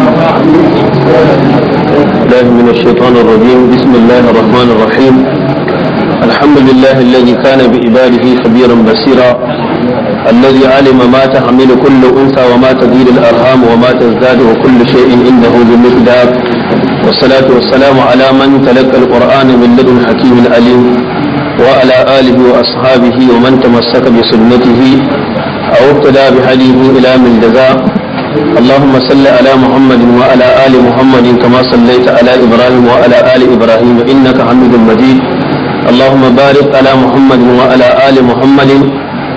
الله من الشيطان الرجيم بسم الله الرحمن الرحيم الحمد لله الذي كان بعباده خبيرا بصيرا الذي علم ما تحمل كل انثى وما تدير الارهام وما تزداد وكل شيء انه بمقدار والصلاة والسلام على من تلقى القرآن من لدن حكيم عليم وعلى آله وأصحابه ومن تمسك بسنته أو ابتدى بهديه إلى من جزاء اللهم صل على محمد وعلى آل محمد كما صليت على إبراهيم وعلى آل إبراهيم إنك حميد مجيد اللهم بارك على محمد وعلى آل محمد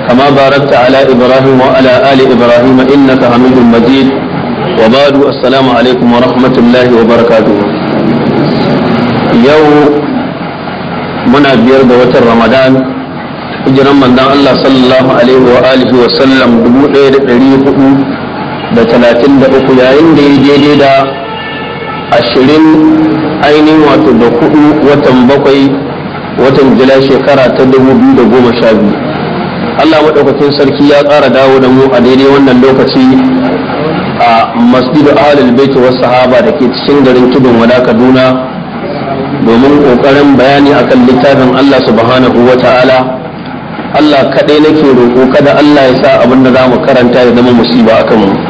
كما باركت على إبراهيم وعلى آل إبراهيم إنك حميد مجيد وبعد السلام عليكم ورحمة الله وبركاته يوم منا بير رمضان hijiran manzon Allah sallallahu alaihi wa alihi wa sallam 1400 da talatin da uku yayin da ya daidai da ashirin ainihin wato da hudu watan bakwai watan jila shekara ta dubu biyu da goma sha biyu allah maɗaukakin sarki ya ƙara dawo da mu a daidai wannan lokaci a masjidu ahalul baiti wasu sahaba da ke cikin garin tudun wada kaduna domin ƙoƙarin bayani akan littafin allah subhanahu wa ta'ala Allah kaɗai nake roƙo kada Allah ya sa abin da za mu karanta ya zama musiba a kanmu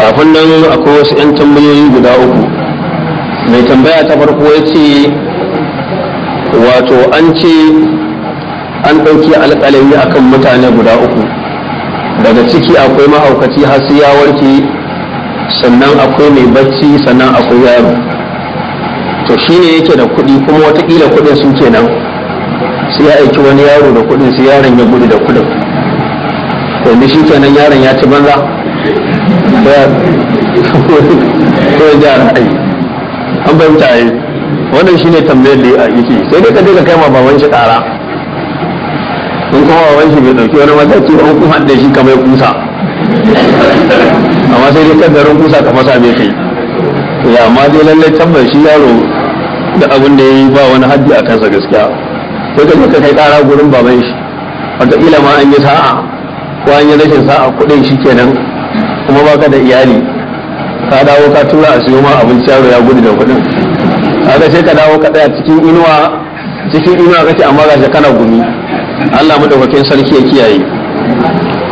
kafin nan akwai wasu 'yan tambayoyi guda uku mai tambaya ta farko ya ce wato an ce an ɗauki alƙalami akan mutane guda uku daga ciki akwai mahaukaci har sai ya warke sannan akwai mai bacci sannan akwai yaro to shine yake da kuɗi kuma watakila kuɗin ke nan, sai ya aiki wani yaro da kuɗin sai yaron ya gudu da kuɗin yanzu shi kenan yaron ya ci banza ko ya gyara an fahimta yi wannan shi ne tambayar da yake sai dai ka je ka kai ma baban shi ƙara in kuma baban shi bai ɗauki wani mataki an kuma da shi kamar kusa amma sai dai kan garin kusa ka masa bai kai ya amma dai lallai tambayar shi yaro da abin da ya yi ba wani haddi a kansa gaskiya sai ka je ka kai ƙara gurin baban shi wataƙila ma an yi sa'a ko an yi rashin sa'a kuɗin shi kenan kuma baka da iyali ka dawo ka tura a siyo ma abinci yaro ya gudu da kuɗin kaga sai ka dawo ka tsaya cikin inuwa cikin inuwa kace amma ga kana gumi Allah madaukakin sarki ya kiyaye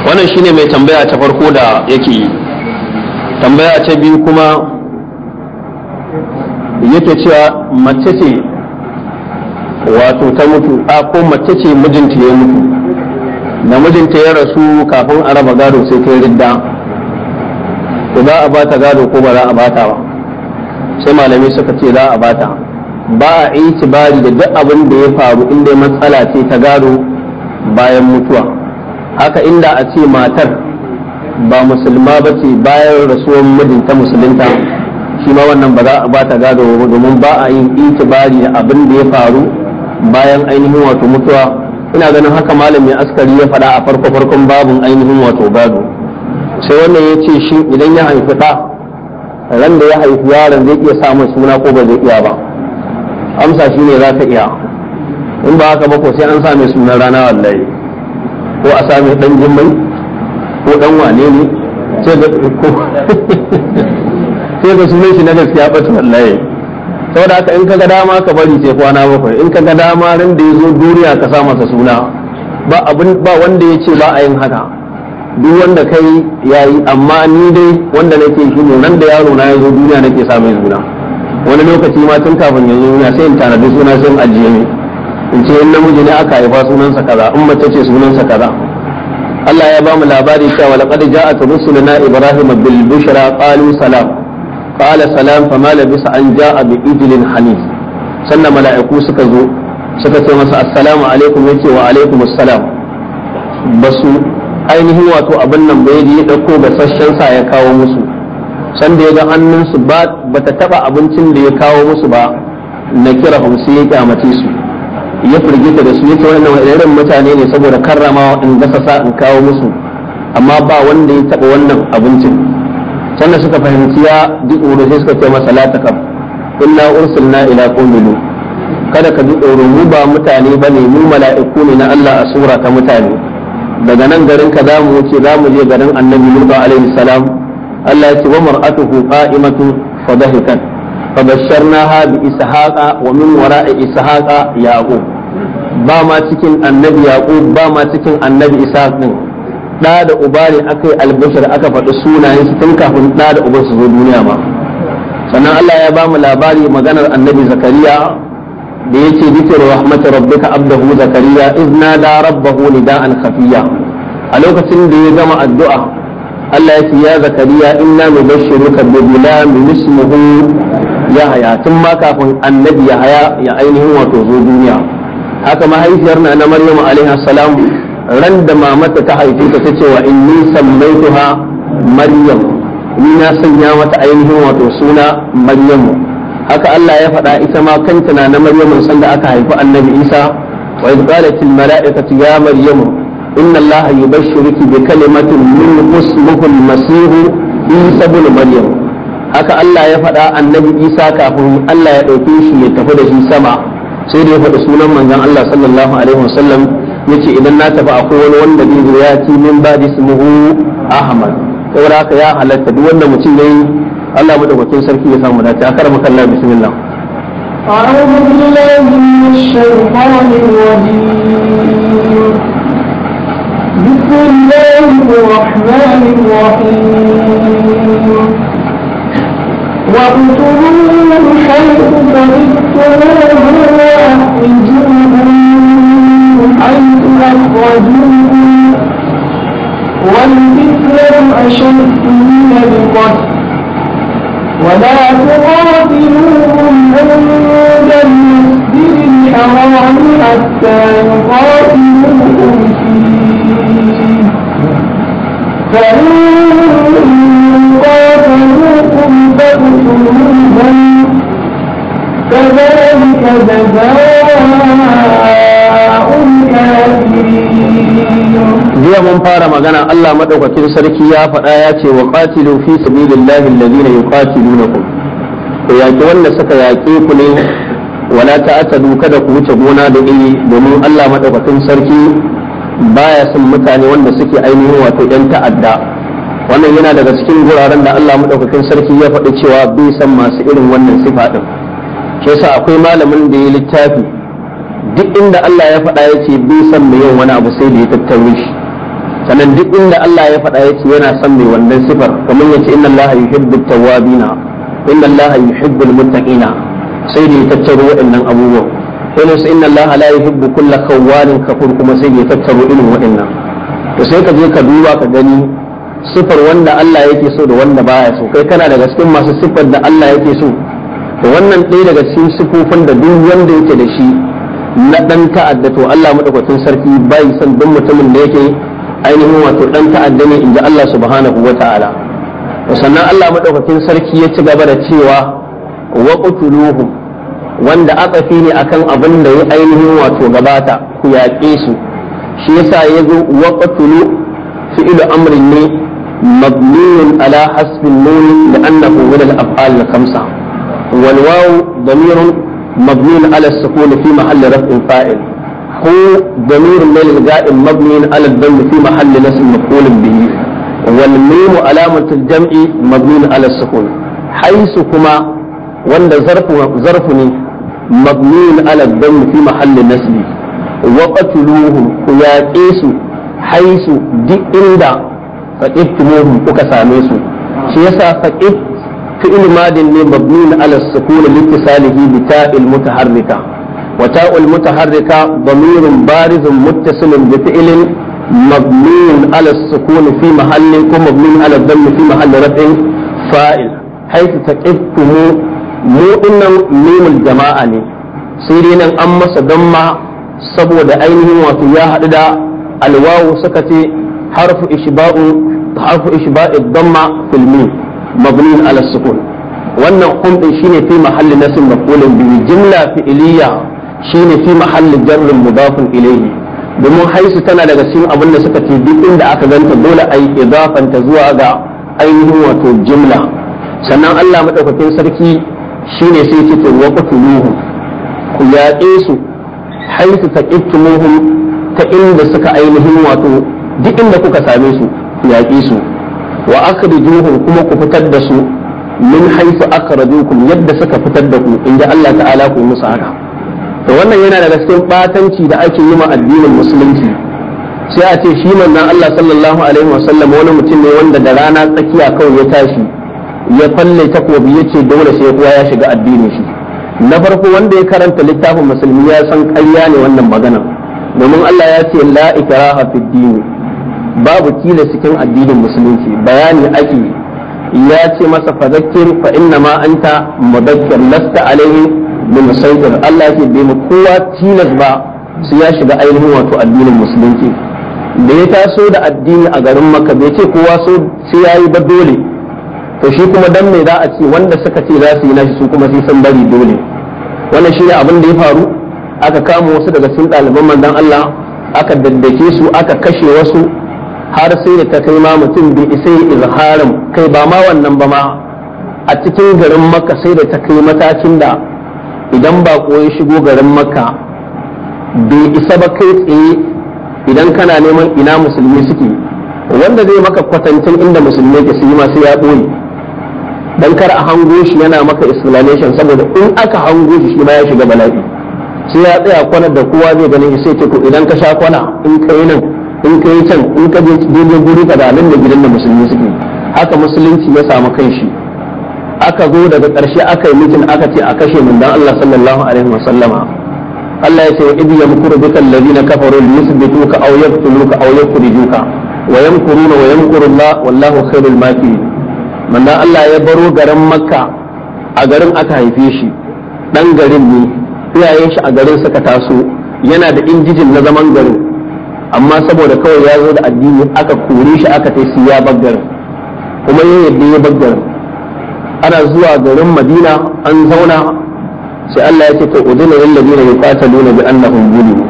wannan shine mai tambaya ta farko da yake yi tambaya ta biyu kuma yake cewa mace ce wato ta mutu a ko mace ce mijinta ya mutu da mijinta ya rasu kafin a raba gado sai ta ridda ko za a bata gado ko ba za a bata ba sai malamai suka ce za a bata ba a yi bari da duk abin da ya faru inda matsala ce ta gado bayan mutuwa haka inda a ce matar ba musulma ba ce bayan rasuwar mijinta musulunta shi ma wannan ba za a bata gado domin ba a yin itibari da abin da ya faru bayan ainihin wato mutuwa ina ganin haka malami askari ya faɗa a farko farkon babin ainihin wato gado sai wannan ya ce shi idan ya haifi ɗa ran da ya haifi yaron zai iya samun suna ko ba zai iya ba amsa shi ne za ka iya in ba haka ba ko sai an same sunan rana wallahi ko a same ɗan jimmai ko ɗan wane ne sai da sunan shi na gaskiya ba wallahi saboda haka in kaga dama ka bari sai kwana bakwai in kaga dama ran da ya zo duniya ka sa masa suna ba abin ba wanda ya ce ba a yin haka duk wanda kai yayi amma ni dai wanda nake shi ne nan da yaro na yazo duniya nake sa mai suna wani lokaci ma tun kafin ya zo duniya sai in tanadi suna sai in ajiye ne in ce in namiji ne aka haifa sunansa kaza in mace ce sunansa kaza Allah ya bamu labari cewa laqad ja'aka rusuluna ibrahima bil bushra qalu salam qala salam fama labisa an ja'a bi ijlin hanif sannan mala'iku suka zo suka ce masa assalamu alaikum yace wa alaikum salam basu ainihin wato abin nan bai da ya ɗauko gasasshen sa ya kawo musu sanda ya ga hannunsu ba ta taɓa abincin da ya kawo musu ba na kira sai ya kyamace su ya firgita da su ya ce wannan irin mutane ne saboda karrama in gasa sa in kawo musu amma ba wanda ya taɓa wannan abincin sannan suka fahimci ya ji tsoro, sai suka ce masa la takam illa ursilna ila qawmin kada ka ji tsoro mu ba mutane ba mu mala'iku ne na Allah a sura ta mutane daga nan garin ka mu wuce zamu je garin annabi Musa alaihi salam Allah ya ce wa mar'atuhu qa'imatu fa dahikat fa basharnaha bi ishaqa wa min wara'i ishaqa yaqub ba ma cikin annabi yaqub ba ma cikin annabi ishaq din da da uba ne aka yi aka faɗi sunayen su tun kafin da da uba su zo duniya ma sannan Allah ya ba mu labari maganar annabi zakariya da yake zikir rahmat rabbika abdahu zakariya iz nada rabbahu nida'an khafiya a lokacin da ya gama addu'a Allah ya ce ya zakariya inna nubashshiruka bi gulamin ismuhu yahaya tun ma kafin annabi yahaya ya ainihin wato zo duniya haka mahaifiyar na na maryamu alaiha salam ran da mamata ta haife ta tace wa inni sammaituha maryam ni na sanya mata ainihin wato suna maryamu haka Allah ya faɗa ita ma kanta na na Maryamu sanda aka haifi Annabi Isa wa idh qalat al mala'ikatu ya Maryamu inna Allah yubashshiruki bi kalimatin min ismihi al masih Isa ibn Maryam haka Allah ya faɗa Annabi Isa kafin Allah ya ɗauke shi ya tafi da shi sama sai da ya faɗi sunan manzon Allah sallallahu alaihi wasallam yace idan na tafi akwai wani wanda zai ya ci min ba ismuhu Ahmad saboda haka ya halatta duk wanda mutum yayi Allah madaukakin sarki ya samu dace akara maka Allah أعوذ بالله من الشيطان الرجيم بسم الله الرحمن الرحيم واقتلوا من حيث تجدتموهم وأخرجوهم من حيث أخرجوكم والفتنة أشد من القتل ولا تقاتلوهم عند المسجد الحرام حتى يقاتلوكم فيه فإن قاتلوكم فاقتلوهم كذلك جزاء jiya mun fara magana Allah madaukakin sarki ya faɗa ya ce wa qatilu fi sabilillahi alladhina yuqatilunakum ku yaki wanda suka yaƙe ku ne wala ta'tadu kada ku wuce gona da iri domin Allah madaukakin sarki baya son mutane wanda suke ainihin wato ɗan ta'adda wannan yana daga cikin guraren da Allah madaukakin sarki ya faɗi cewa bai san masu irin wannan sifa din shi akwai malamin da ya littafi inda Allah ya faɗa ya ce bai san mai yin wani abu sai da ya tattaru shi sannan duk inda Allah ya faɗa ya ce yana san mai wannan sifar kamar ya ce inna Allah yuhibbu tawwabina inna Allah yuhibbu almuttaqina sai da ya tattaro waɗannan abubuwan sai su inna Allah la yuhibbu kulla khawwalin kafur kuma sai da ya tattaro irin waɗannan to sai ka je ka duba ka gani sifar wanda Allah yake so da wanda baya so kai kana daga cikin masu sifar da Allah yake so to wannan ɗaya daga cikin sifofin da duk wanda yake da shi na dan ta'adda to Allah madaukakin sarki bai san duk mutumin da yake ainihin wato dan ta'adda ne inda Allah subhanahu wata'ala sannan Allah madaukakin sarki ya ci gaba da cewa wa wanda aka fi ne akan abin da ya ainihin wato gabata ku yaƙe su shi yasa ya zo wa qatulu fi'lu amrin ne mabniun ala hasbin nuni da annahu min al-af'al al-khamsa wal damirun مبني على السكون في محل رفع فاعل هو ضمير من الغائب مبني على الضم في محل نصب مفعول به والميم علامة الجمع مبني على السكون حيث كما وند ظرف ظرفني مبني على الضم في محل نصب وقتلوهم يا قيسوا حيث دي إندا فقتلوهم كساميسوا شيسا فقتلوهم fi'il madin ne mabni ala sukun litisalihi bi ta'il mutaharrika wa ta'ul mutaharrika damirun barizun muttasilun bi fi'ilin مبني على السكون في محل ومبني على الضم في محل رفع فاعل حيث تقفتم mu dinnan mimul jama'a ne sai dai nan an masa damma saboda ainihin wato ya haɗu da alwawu suka ce harfu ishba'u harfu ishba'id damma filmi mabnin ala sukun wannan hum din shine fi mahalli nasb maf'ulun bihi jumla fi'liya shine fi mahalli jarr mudafun ilayhi domin haisu tana daga cikin abin da suka ce duk inda aka ganta dole ai idafanta zuwa ga ainihin wato jimla sannan Allah madaukakin sarki shine sai ce to waqtuluhu ku yaƙe su haisu taqittumuhum ta inda suka ainihin wato duk inda kuka same su ku yaƙe su wa akhrijuhum kuma ku fitar da su min haifu akhrajukum yadda suka fitar da ku inda Allah ta'ala ku musu haka to wannan yana daga cikin batanci da ake yi ma addinin musulunci sai a ce shi manzon Allah sallallahu alaihi wasallam wani mutum ne wanda da rana tsakiya kawai ya tashi ya falle takobi ya ce dole sai kowa ya shiga addinin shi na farko wanda ya karanta littafin musulmi ya san ƙarya ne wannan magana domin Allah ya ce la ikraha fid din babu kila cikin addinin musulunci bayani ake ya ce masa fazakir fa inna ma anta mudakkir lasta alaihi bi musaitir Allah ke bai mu kowa tilas ba su ya shiga ainihin wato addinin musulunci da ya taso da addini a garin maka bai ce kowa so sai yayi ba dole to shi kuma dan me za a ce wanda suka ce za su yi nashi su kuma sai san bari dole wannan shine abin da ya faru aka kama wasu daga cikin ɗaliban manzon Allah aka daddake su aka kashe wasu har sai da ta kai ma mutum bai isa yi izharin kai ba ma wannan ba ma a cikin garin makka sai da ta kai matakin da idan ba ya shigo garin makka bai isa ba kai tsaye idan kana neman ina musulmi suke wanda zai maka kwatancin inda musulmi ke su yi masu ya ɓoye dan kar a hango shi yana maka explanation saboda in aka hango shi shi ma ya shiga bala'i sai ya tsaya kwana da kowa zai gani sai ce ko idan ka sha kwana in kai nan in ka yi can in ka je daidai guri ka da da gidan da musulmi suke haka musulunci ya samu kanshi aka zo daga ƙarshe aka yi mutum aka ce a kashe mun dan Allah sallallahu alaihi wa sallama Allah ya ce wa idh yamkuru bika ladina kafaru ka aw ka aw ka wa yamkuruna wa yamkuru Allah wallahu khairul makirin dan Allah ya baro garin Makka a garin aka haife shi dan garin ne iyayen shi a garin suka taso yana da injijin na zaman garin amma saboda kawai ya zo da addini aka kore shi aka kai su ya baggarin kuma yin yadda ya baggarin ana zuwa garin madina an zauna sai Allah ya ce to udina lil ladina yuqataluna bi annahum zulimu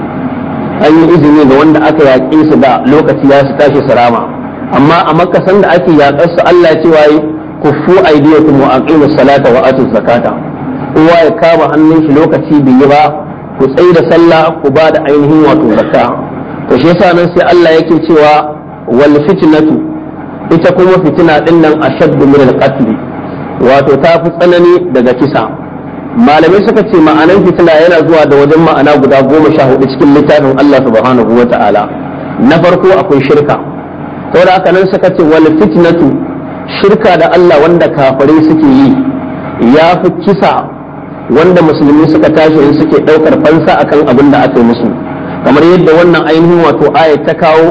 an yi izini ga wanda aka yaƙe su da lokaci ya su tashi sarama amma a makasan da ake yaƙar su Allah ya ce waye kufu aydiyakum wa aqimus salata wa atuz zakata kowa ya kama hannun shi lokaci bai yi ba ku tsaye da sallah ku ba da ainihin wato zakka to shi yasa nan sai Allah yake cewa wal fitnatu ita kuma fitina din nan ashaddu min al wato ta fi tsanani daga kisa malamai suka ce ma'anan fitina yana zuwa da wajen ma'ana guda goma sha hudu cikin littafin Allah subhanahu wa ta'ala na farko akwai shirka saboda haka nan suka ce wal fitnatu shirka da Allah wanda kafirai suke yi ya fi kisa wanda musulmi suka tashi in suke ɗaukar fansa akan abin da aka yi musu kamar yadda wannan ainihin wato aya ta kawo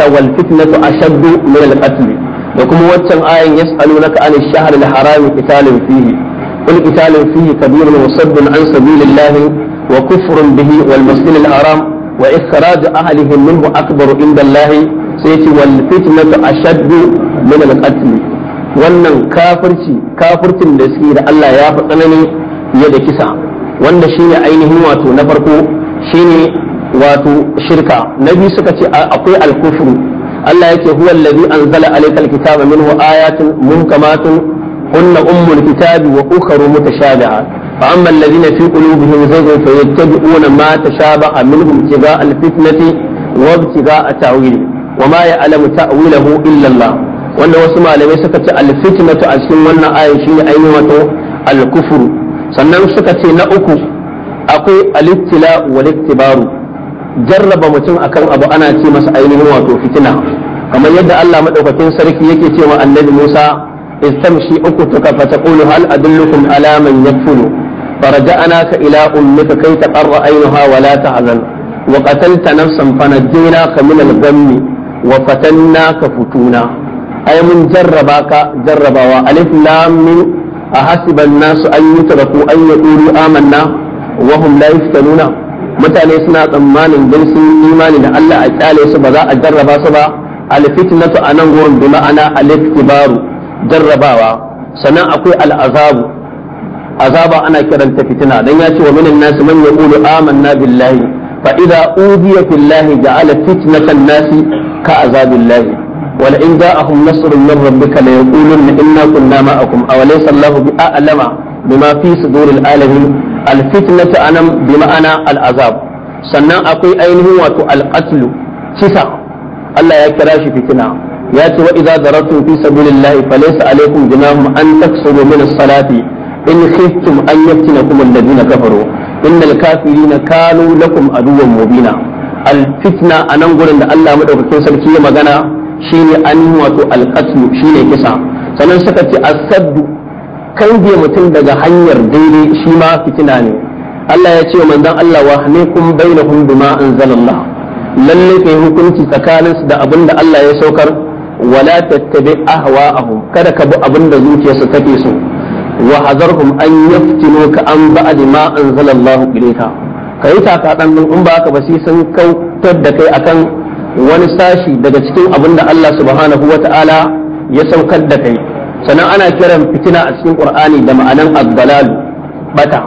ta wal fitnatu ashaddu min al qatl da kuma waccan ayan yas'alunaka anil shahr al haram qitalun fihi qul qitalun fihi kabirun wa saddun an sabilillahi wa kufrun bihi wal masjid al haram wa ikhraj ahlihi minhu akbaru inda allah sai ce wal fitnatu ashaddu min al qatl wannan kafirci kafircin da suke da Allah ya fi tsanani fiye da kisa wanda shine ainihin wato na farko shine wato shirka na biyu suka ce akwai alkufru Allah yake huwa allazi anzala alayka alkitaba minhu ayatun muhkamatun hunna ummul kitabi wa ukharu mutashabiha fa amma allazina fi qulubihim zaghun fayattabi'una ma tashabaha minhum ibtigaa alfitnati wa ibtigaa ta'wili wa ma ya'lamu ta'wilahu illa Allah wanda wasu malamai suka ce alfitnatu a cikin wannan ayin shine ainihin wato alkufru sannan suka ce na uku akwai alittila wal iktibaru jarraba mutum akan abu ana ce masa ainihin wato fitina kamar yadda Allah madaukakin sarki yake ce wa annabi Musa shi uku tuka fa taqulu hal adullukum ala man yakfulu faraja'naka ila ummika kay taqarra ainuha wa la ta'zan wa qatalta nafsan fanajina ka min al-ghammi wa fatannaka futuna ai mun jarraba ka jarrabawa alif lam min ahasiba an-nasu an yutraku an yaqulu amanna wa hum la yaftanuna mutane suna tsammanin don sun imani da Allah a kyale su ba za a jarraba su ba alfitnatu a nan gurin bi ma'ana al jarrabawa sannan akwai al'azabu azaba ana kiranta fitina dan ya ce wa minan nasi man yaqulu amanna billahi fa idza udiya fillahi ja'ala fitnatan nasi ka azabillahi wal in ja'ahum nasrun min rabbika la yaqulunna inna kunna ma'akum aw laysa Allahu bi'alama bima fi suduril alamin alfitnatu anan bi ma'ana al'azab sannan akwai ainihin wato alqatlu kisa Allah ya kira shi fitina ya ce wa idza daratum fi sabilillahi falaysa alaykum junahum an taksuru min as-salati in khiftum an yaftinakum alladhina kafaru innal kafirina kanu lakum aduwwan mubina alfitna anan gurin da Allah madaukakin sarki magana shine an wato alqatlu shine kisa sannan suka ce as-saddu kange mutum daga hanyar daidai shi ma fitina ne Allah ya ce manzon Allah wa hamikum bainahum bima anzalallah lalle kai hukunci tsakaninsu da abin da Allah ya saukar wala tattabi ahwa'ahum kada ka bi abin da zuciyarsu take so wa hazarhum an yaftinuka an ba'd ma anzalallahu ilayka kai taka dan in ba ka ba sai sun kautar da kai akan wani sashi daga cikin abin da Allah subhanahu wata'ala ya saukar da kai sannan ana kiran fitina a cikin qur'ani da ma'anan abdalal bata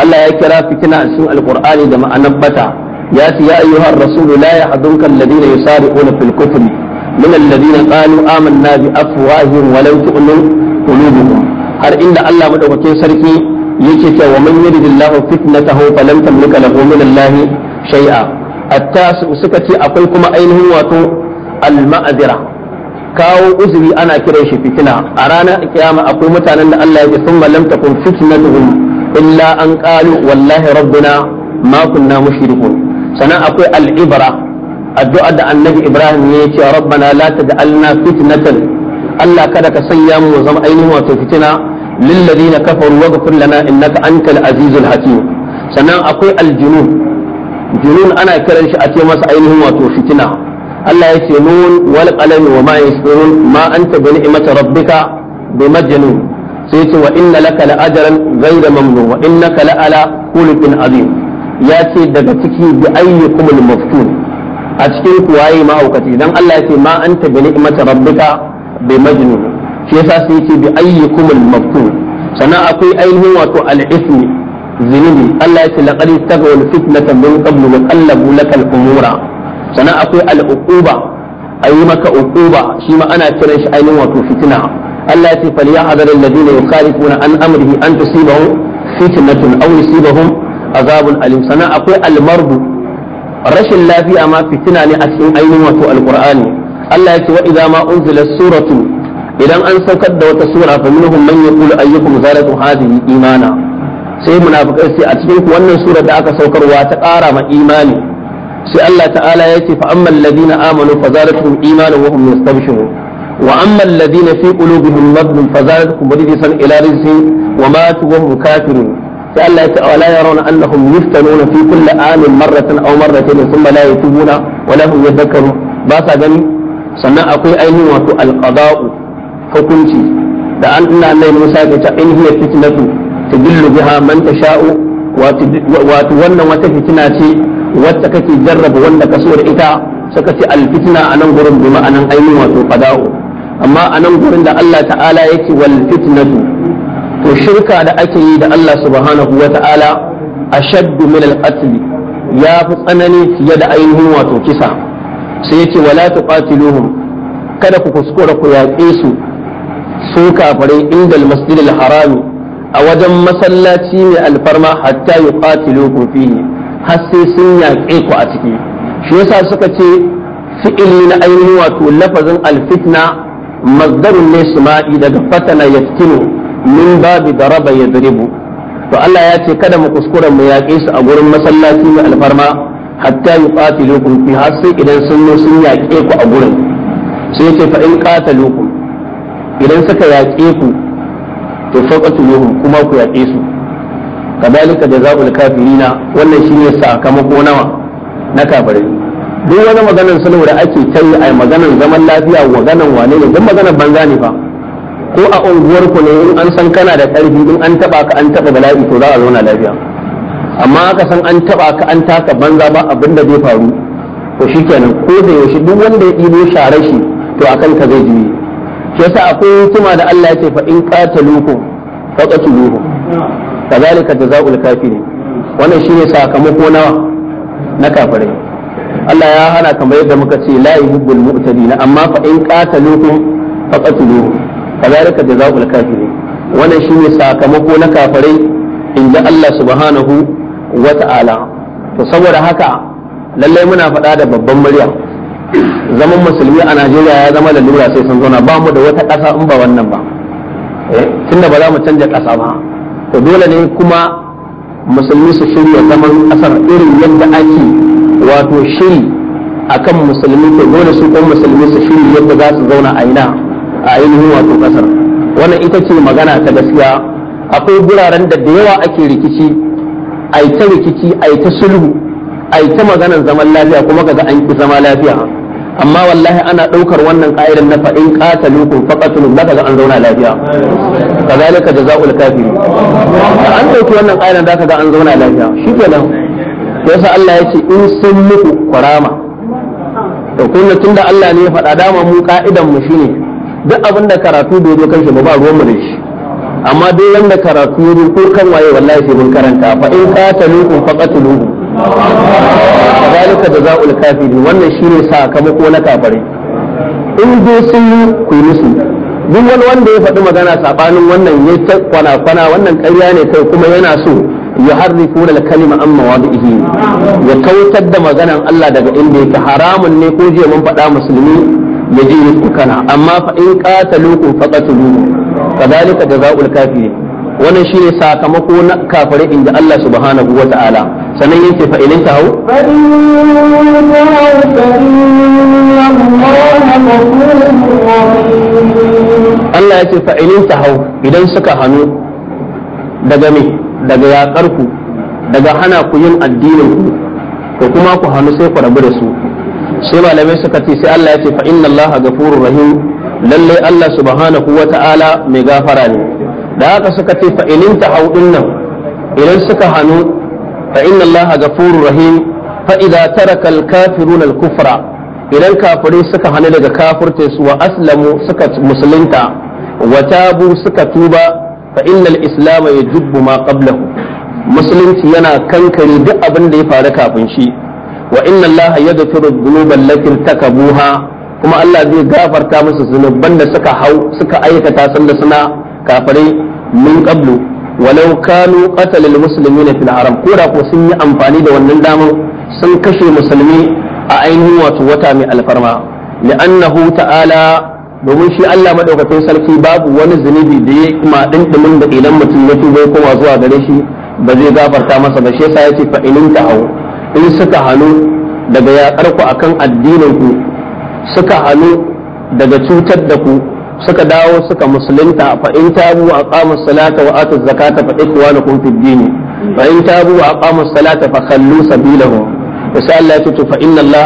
Allah ya kira fitina a cikin alqur'ani da ma'anan bata ya ce ya ayyuhar rasulu la yahzunka alladhina yusariquna fil kufr min alladhina qalu amanna bi afwahihim wa lam tu'min qulubuhum har inda Allah madaukakin sarki yake cewa wa man yuridillahu fitnatahu falam tamlika lahu min Allah shay'a at-tasu suka ce akwai kuma ainihin wato al kawo uzuri ana kiran shi fitina a ranar kiyama akwai mutanen da Allah ya ce sun lam takun fitnatuhum illa an qalu wallahi rabbuna ma kunna mushrikun sannan akwai al'ibra addu'a da annabi Ibrahim ya ce rabbana la taj'alna fitnatan Allah kada ka sanya mu zama ainihin wato fitina lil ladina kafaru waghfir lana innaka antal azizul hakim sannan akwai aljinu. junun ana kiran shi a ce masa ainihin wato fitina Allah ya ce nun wal qalami wa ma yasturun ma anta bi ni'mati rabbika bi majnun sai ce wa inna laka la ajran ghayra mamnun wa innaka la ala khuluqin azim ya ce daga ciki bi ayyukumul maftun a cikin ku mahaukaci. ma'aukati dan Allah ya ce ma anta bi ni'mati rabbika bi majnun shi yasa sai ce bi ayyukumul akwai ainihin wato al-ismi Allah ya ce laqad istaghfara fitnatan min qablu wa qallabu umura sannan akwai al'uquba a yi maka uquba shi ma ana kiran shi ainihin wato fitina Allah ya ce fal ya hadar alladhina yukhalifuna an amrihi an tusibahum fitnatun aw yusibahum azabun alim sannan akwai almardu rashin lafiya ma fitina ne a cikin ainihin wato alqur'ani Allah ya ce wa idza ma unzila suratu idan an saukar da wata sura fa minhum man yaqulu ayyukum zadatu hadhihi imana sai munafikai sai a cikin wannan sura da aka saukarwa ta ƙara ma imani sai Allah ta'ala ya ce fa ammal ladina amanu fa zadatuhum imanan wa hum yastabshirun wa amma alladhina fi qulubihim maradun fa zadatuhum rijsan ila rijsin wa matu wa hum kafirun sai Allah ya ce awala yarawna annahum yuftanuna fi kulli amin marratan aw marratayn thumma la yatubuna wa la hum yadhakkarun ba sa gani sannan akwai ainihin wato alqada'u hukunci da an ina nai Musa ya ta in hiya fitnatu tudillu biha man tasha'u wato wannan wata fitina ce wacce kake jarraba wanda ka so da ita suka ce alfitna a nan gurin bi ma'anan ainihin wato fada'u amma a nan gurin da Allah ta'ala ya ce wal fitnatu to shirka da ake yi da Allah subhanahu wa ta'ala ashaddu min al ya fi tsanani fiye da ainihin wato kisa sai yace wala tuqatiluhum kada ku kuskura ku yaƙe su su kafirai inda al-masjidil harami a wajen masallaci mai alfarma hatta yuqatilukum fihi har sai sun yaƙe ku a ciki shi yasa suka ce fi'ili na ainihin wato lafazin alfitna mazdarun ne suma'i daga fatana yaftinu min babu babi daraba yadribu to Allah ya ce kada mu kuskura mu yaƙe su a gurin masallaci mai alfarma hatta yuqatilukum fi har sai idan sun sun yaƙe ku a gurin sai ce fa in qatalukum idan suka yaƙe ku to faqatuluhum kuma ku yaƙe su kadalika jazaul kafirina wannan shine sakamako nawa na kafirai duk wani maganar saboda da ake kai a maganar zaman lafiya maganar wane ne duk maganar banza ne fa ko a unguwar ku ne in an san kana da karfi in an taba ka an taba bala'i to za a zauna lafiya amma aka san an taba ka an taka banza ba abin da zai faru to shikenan ko da yaushe duk wanda ya ɗibo share shi to akan ka zai juye shi yasa akwai hikima da Allah ya ce fa in qataluhu faqatuluhu kazalika jazaul kafirin wannan shine sakamako na kafirai Allah ya hana kamar yadda muka ce la yuhibbul mu'tadin amma fa in qataluhum faqatuluhum kazalika jazaul kafirin wannan shine sakamako na kafirai inda Allah to saboda haka lallai muna faɗa da babban murya zaman musulmi a Najeriya ya zama lura sai sun zauna ba mu da wata ƙasa in ba wannan ba eh, tunda ba za mu canja ƙasa ba to dole ne kuma musulmi su shirya zaman kasar irin yadda ake wato shiri akan musulmi to dole su kuma musulmi su shiri yadda za su zauna a ina a ainihin wato kasar wannan ita ce magana ta gaskiya akwai guraren da da yawa ake rikici a ita rikici a ita sulhu a ita maganar zaman lafiya kuma kaga an ki zama lafiya amma wallahi ana daukar wannan ka'idar na fa in qatalukum faqatulum zaka ga an zauna lafiya kazalika jazaul kafirin da an dauki wannan ka'idar zaka ga an zauna lafiya shikenan to yasa Allah ya ce in sun muku karama to kun tunda Allah ne ya faɗa dama mu ka'idan mu shine duk abin da karatu bai zo kanshi ba ba ruwan mu da shi amma duk wanda karatu ya ko kan waye wallahi sai mun karanta fa in qatalukum faqatuluhum kadalika jazaul kafiri wannan shine sakamako na kafare in dai sun yi ku yi musu duk wani wanda ya faɗi magana sabanin wannan ya ta kwana kwana wannan ƙarya ne kai kuma yana so ya harri harrifuna da kalima an ihi. ya kautar da maganan Allah daga inda yake haramun ne ko jiya mun faɗa musulmi ya je ya kana. amma fa in qatalukum faqatuluhum kadalika za'ul kafiri wannan shi ne sakamako na kafare inda Allah subhanahu wa ta'ala sannan yake fa ilin ta hau Allah ya ce fa ilin ta hau idan suka hannu daga me daga yakar ku daga hana ku yin addinin ku ko kuma ku hannu sai ku rabu da su sai malamai suka ce sai Allah ya ce fa inna Allah ghafurur rahim lalle Allah subhanahu wa ta'ala mai gafara ne da haka suka ce fa inin tahawdin nan idan suka hannu fa inna ga rahim fa idza taraka al kufra idan kafirai suka hannu daga kafirta su wa aslamu suka musulunta wa tabu suka tuba fa innal ya yajubbu ma qablahu musulunci yana kankare duk abin da ya faru kafin shi wa inna allah yaghfiru dhunuba allati takabuha kuma Allah zai gafarta musu zunuban da suka hau suka aikata sanda suna kafirai min qablu walau kanu qatal al muslimina fil haram ko da ko sun yi amfani da wannan damar sun kashe musulmi a ainihin wato wata mai alfarma li'annahu ta'ala domin shi Allah madaukakin sarki babu wani zunubi da ya kuma dindimin da idan mutum ya tuba koma zuwa gare shi ba zai gafarta masa ba shi yasa yace fa in ta'aw in suka hanu daga yaƙar ku akan addinin ku suka hanu daga cutar da ku suka dawo suka musulunta fa in tabu a aqamu salata wa atu zakata fa ikhwanukum fid din fa in tabu a aqamu salata fa khallu sabilahum to sai Allah fa inna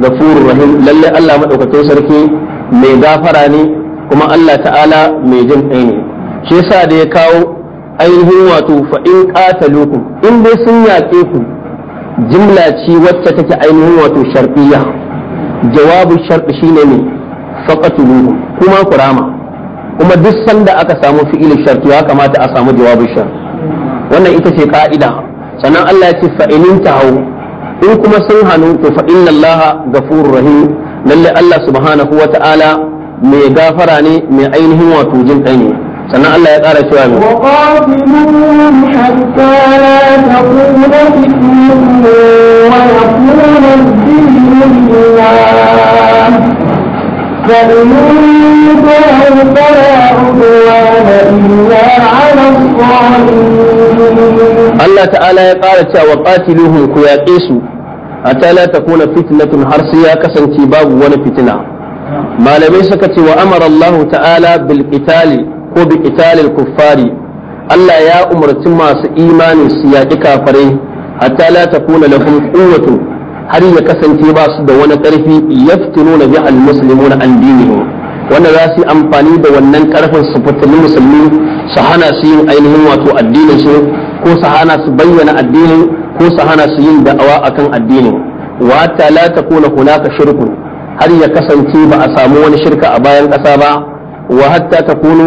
ghafurur rahim lalle Allah madaukakin sarki mai gafara ne kuma Allah ta'ala mai jin kai ne shi yasa da ya kawo ainihin wato fa in qatalukum in dai sun yaƙe ku jimla ce wacce take ainihin wato shar'iyya jawabu shar'i shine ne faqatuluhum kuma kurama kuma duk sanda aka samu fi'il shart ya kamata a samu jawabin shart wannan ita ce ka'ida sannan Allah ya ce fa in tahu in kuma sun hanu to fa inna Allah ghafurur rahim lalle Allah subhanahu wa ta'ala mai gafara ne mai ainihin wato jin kai ne sannan Allah ya ƙara cewa ne وقاتلوهم حتى لا تكون فتنة ويكون الدين لله فإن انتهوا فلا عدوان إلا على الظالمين الله تعالى يقال وقاتلوهم كياقيسوا حتى لا تكون فتنة هرسية كسنتي باب ولا فتنة ما لم يسكت وأمر الله تعالى بالقتال وبقتال الكفار Allah ya umarci masu imani su yaƙi kafirai hatta la takuna lahum quwwatun har ya kasance ba su da wani ƙarfi na bi al na an wanda za su yi amfani da wannan karfin su fitini musulmi su hana su yin ainihin wato addinin su ko su hana su bayyana addinin ko su hana su yin da'awa akan addinin wa ta la takuna hunaka shirku. har ya kasance ba a samu wani shirka a bayan ƙasa ba wa hatta takunu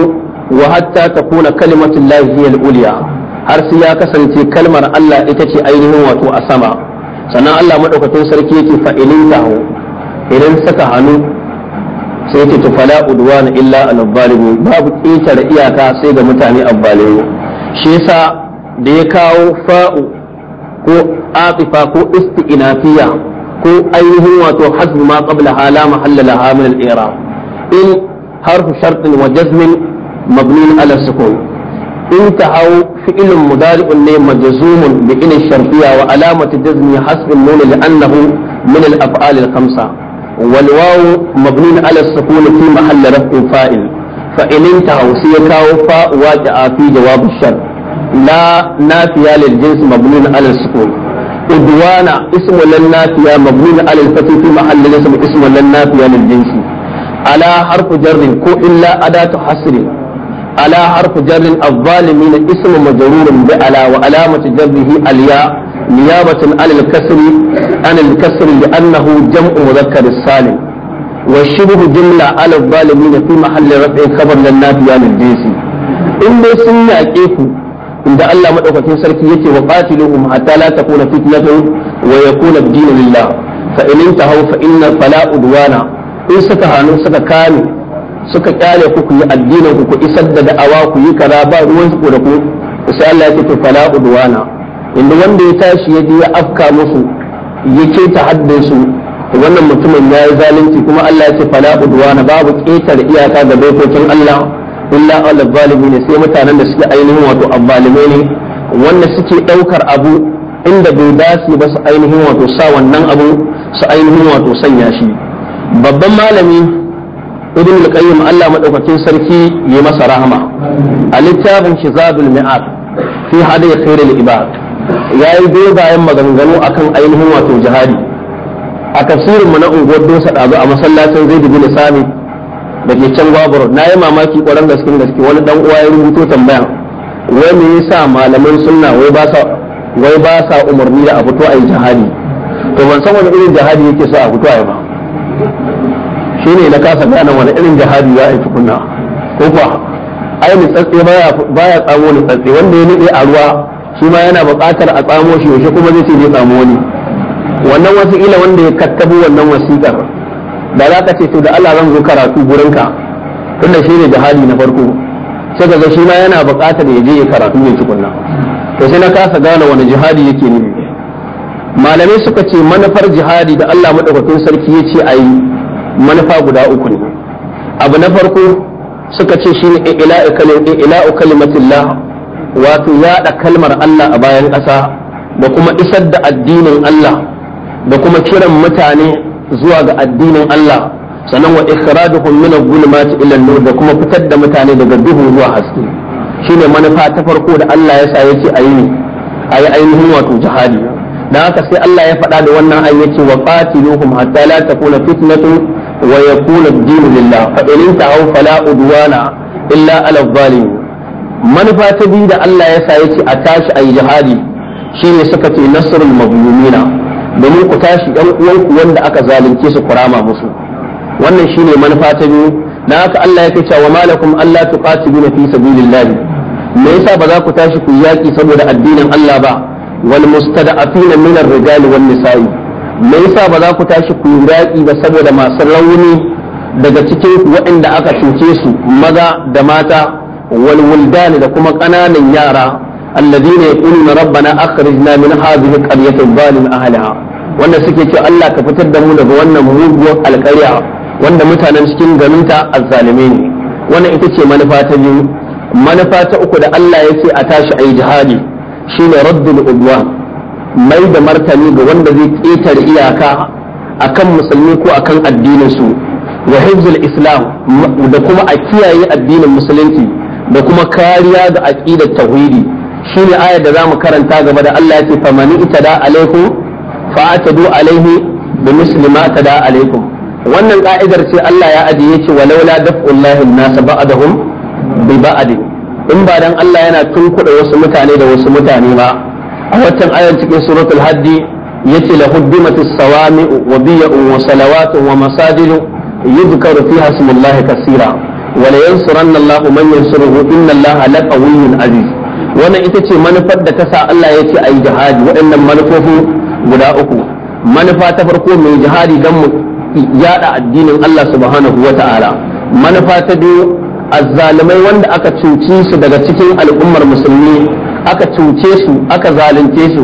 wa hatta takuna kalimatullahi hiya al har sai ya kasance kalmar Allah ita ce ainihin wato a sama sannan Allah madaukakin sarki yake fa'ilin tahu idan saka hannu sai ta tufala na illa al zalimin babu ƙetare iyaka sai ga mutane abbalimu shi yasa da ya kawo fa'u ko atifa ko isti'inafiya ko ainihin wato hasbi ma qabla hala mahalla laha min al-i'rab in harfu shartin wa jazmin mabni ala sukun انتهوا فعل مضارع مجزوم بإن الشرطية وعلامة جزم حسب النون لأنه من الأفعال الخمسة والواو مبنون على السكون في محل رفع فاعل فإن انتهوا سيكاو فاء واجع في جواب الشر لا نافية للجنس مبنون على السكون إدوانا اسم للنافية مبنون على الفتح في محل الاسم اسم للنافية للجنس على حرف جر كو إلا أداة حسر على حرف جر الظالمين اسم مجرور بعلى وعلامة جره الياء نيابة عن الكسر عن الكسر لأنه جمع مذكر السالم والشبه جملة على الظالمين في محل رفع خبر للنافية للجنسي إن سنة أكيفو عند الله مدعوكتين سركي يتي وقاتلهم حتى لا تكون فتنة ويكون الدين لله فإن انتهوا فإن فلا أدوانا إن سكهانوا سككانوا suka kyale ku ku yi addinin ku ku isar da da'awa ku yi kaza ba ruwan su da ku sai Allah ya ce fala udwana inda wanda ya tashi ya je ya afka musu ya keta haddin su wannan mutumin ya yi zalunci kuma Allah ya ce fala udwana babu ketar iyaka ga dokokin Allah illa ala zalimin sai mutanen da suke ainihin wato abbalimai ne wanda suke daukar abu inda bai dace ba su ainihin wato sa wannan abu su ainihin wato sanya shi babban malami ibn al-qayyim Allah madaukakin sarki ya masa rahama a littafin shizabul mi'ad fi hadi al ibad yayi dogayen maganganu akan ainihin wato jihadi a tafsirin mu na unguwar dosa dazu a masallacin zaid bin sami da ke can babur na yi mamaki kwaran gaskin gaske wani dan uwa ya rubuto tambaya wai me yasa malaman sunna wai ba sa wai ba sa umarni da a fito a jihadi to ban san wani irin jihadi yake so a fito a yi ba shi ne na kasa gane wani irin jihadi za a yi tukunna ko kuwa ai ba baya tsamo tsatsi wanda ya nutse a ruwa shi ma yana buƙatar a tsamo shi yaushe kuma zai ce zai tsamo wani wannan wasu ila wanda ya kattabi wannan wasiƙar da za ka ce to da Allah zan zo karatu gurinka tunda shi ne jihadi na farko sai ga shi ma yana buƙatar ya je ya karatu ne tukunna to sai na kasa gane wani jihadi yake nufi malamai suka ce manufar jihadi da Allah madaukakin sarki ya ce a yi manufa guda uku ne abu na farko suka ce shi ne ila'u kalimatillah wato yaɗa kalmar Allah a bayan ƙasa da kuma isar da addinin Allah da kuma kiran mutane zuwa ga addinin Allah sannan wa ikhraduhum min adh-dhulumati ila an-nur da kuma fitar da mutane daga duhu zuwa haske shine manufa ta farko da Allah ya sa yace ayi ayi ainihin wato jihadi dan haka sai Allah ya faɗa da wannan ayyace wa qatiluhum hatta la takuna fitnatun ويكون الدين لله فإن انتهوا فلا عدوان إلا da allah ya sa دا a يسايتي أتاش أي جهادي suka ce نصر المظلومين domin ku tashi ɗan uwanku wanda aka zalunce su kurama musu wannan shine manufa ta biyu dan haka Allah ya cewa wa malakum alla tuqatiluna fi sabilillah me yasa ba za ku tashi ku yaki saboda addinin Allah ba wal mustada'afina min ar-rijali wan nisa'i me yasa ba za ku tashi ku yi yaƙi ba saboda masu rauni daga cikin waɗanda aka cuce su maza da mata wal wuldani da kuma ƙananan yara alladhina yaquluna rabbana akhrijna min hadhihi qaryati zalim ahliha wanda suke cewa Allah ka fitar da mu daga wannan muguwar alƙarya wanda mutanen cikin ganinta azzalime ne wannan ita ce manufa ta biyu manufa ta uku da Allah ya ce a tashi ayi jihadi shine raddul udwan mai da martani ga wanda zai ƙetare iyaka akan musulmi ko akan addinin su wa hifzul islam da kuma a kiyaye addinin musulunci da kuma kariya ga aqidar tauhidi shine ayar da zamu karanta gaba da Allah yake famani da alaikum fa atadu alaihi bi muslima da, alaikum wannan ka'idar ce Allah ya ajiye yace walaula daf'ullahi an-nas ba'dahum bi ba'd in ba dan Allah yana tunkuɗe wasu mutane da wasu mutane ba a waccan ayar cikin suratul haddi yace ce huddimat as-sawami wa biya'un wa salawatun wa masajidun yudhkaru fiha ismullahi kaseera wa la yansuranna Allahu man yansuruhu inna Allaha laqawiyyun aziz wannan ita ce manufar da kasa Allah ya ce ayi jihadi waɗannan manufofi guda uku manufa ta farko mai jihadi dan mu yada addinin Allah subhanahu wa ta'ala manufa ta biyu azzalimai wanda aka cuci su daga cikin al'ummar musulmi aka cuce su aka zalunce su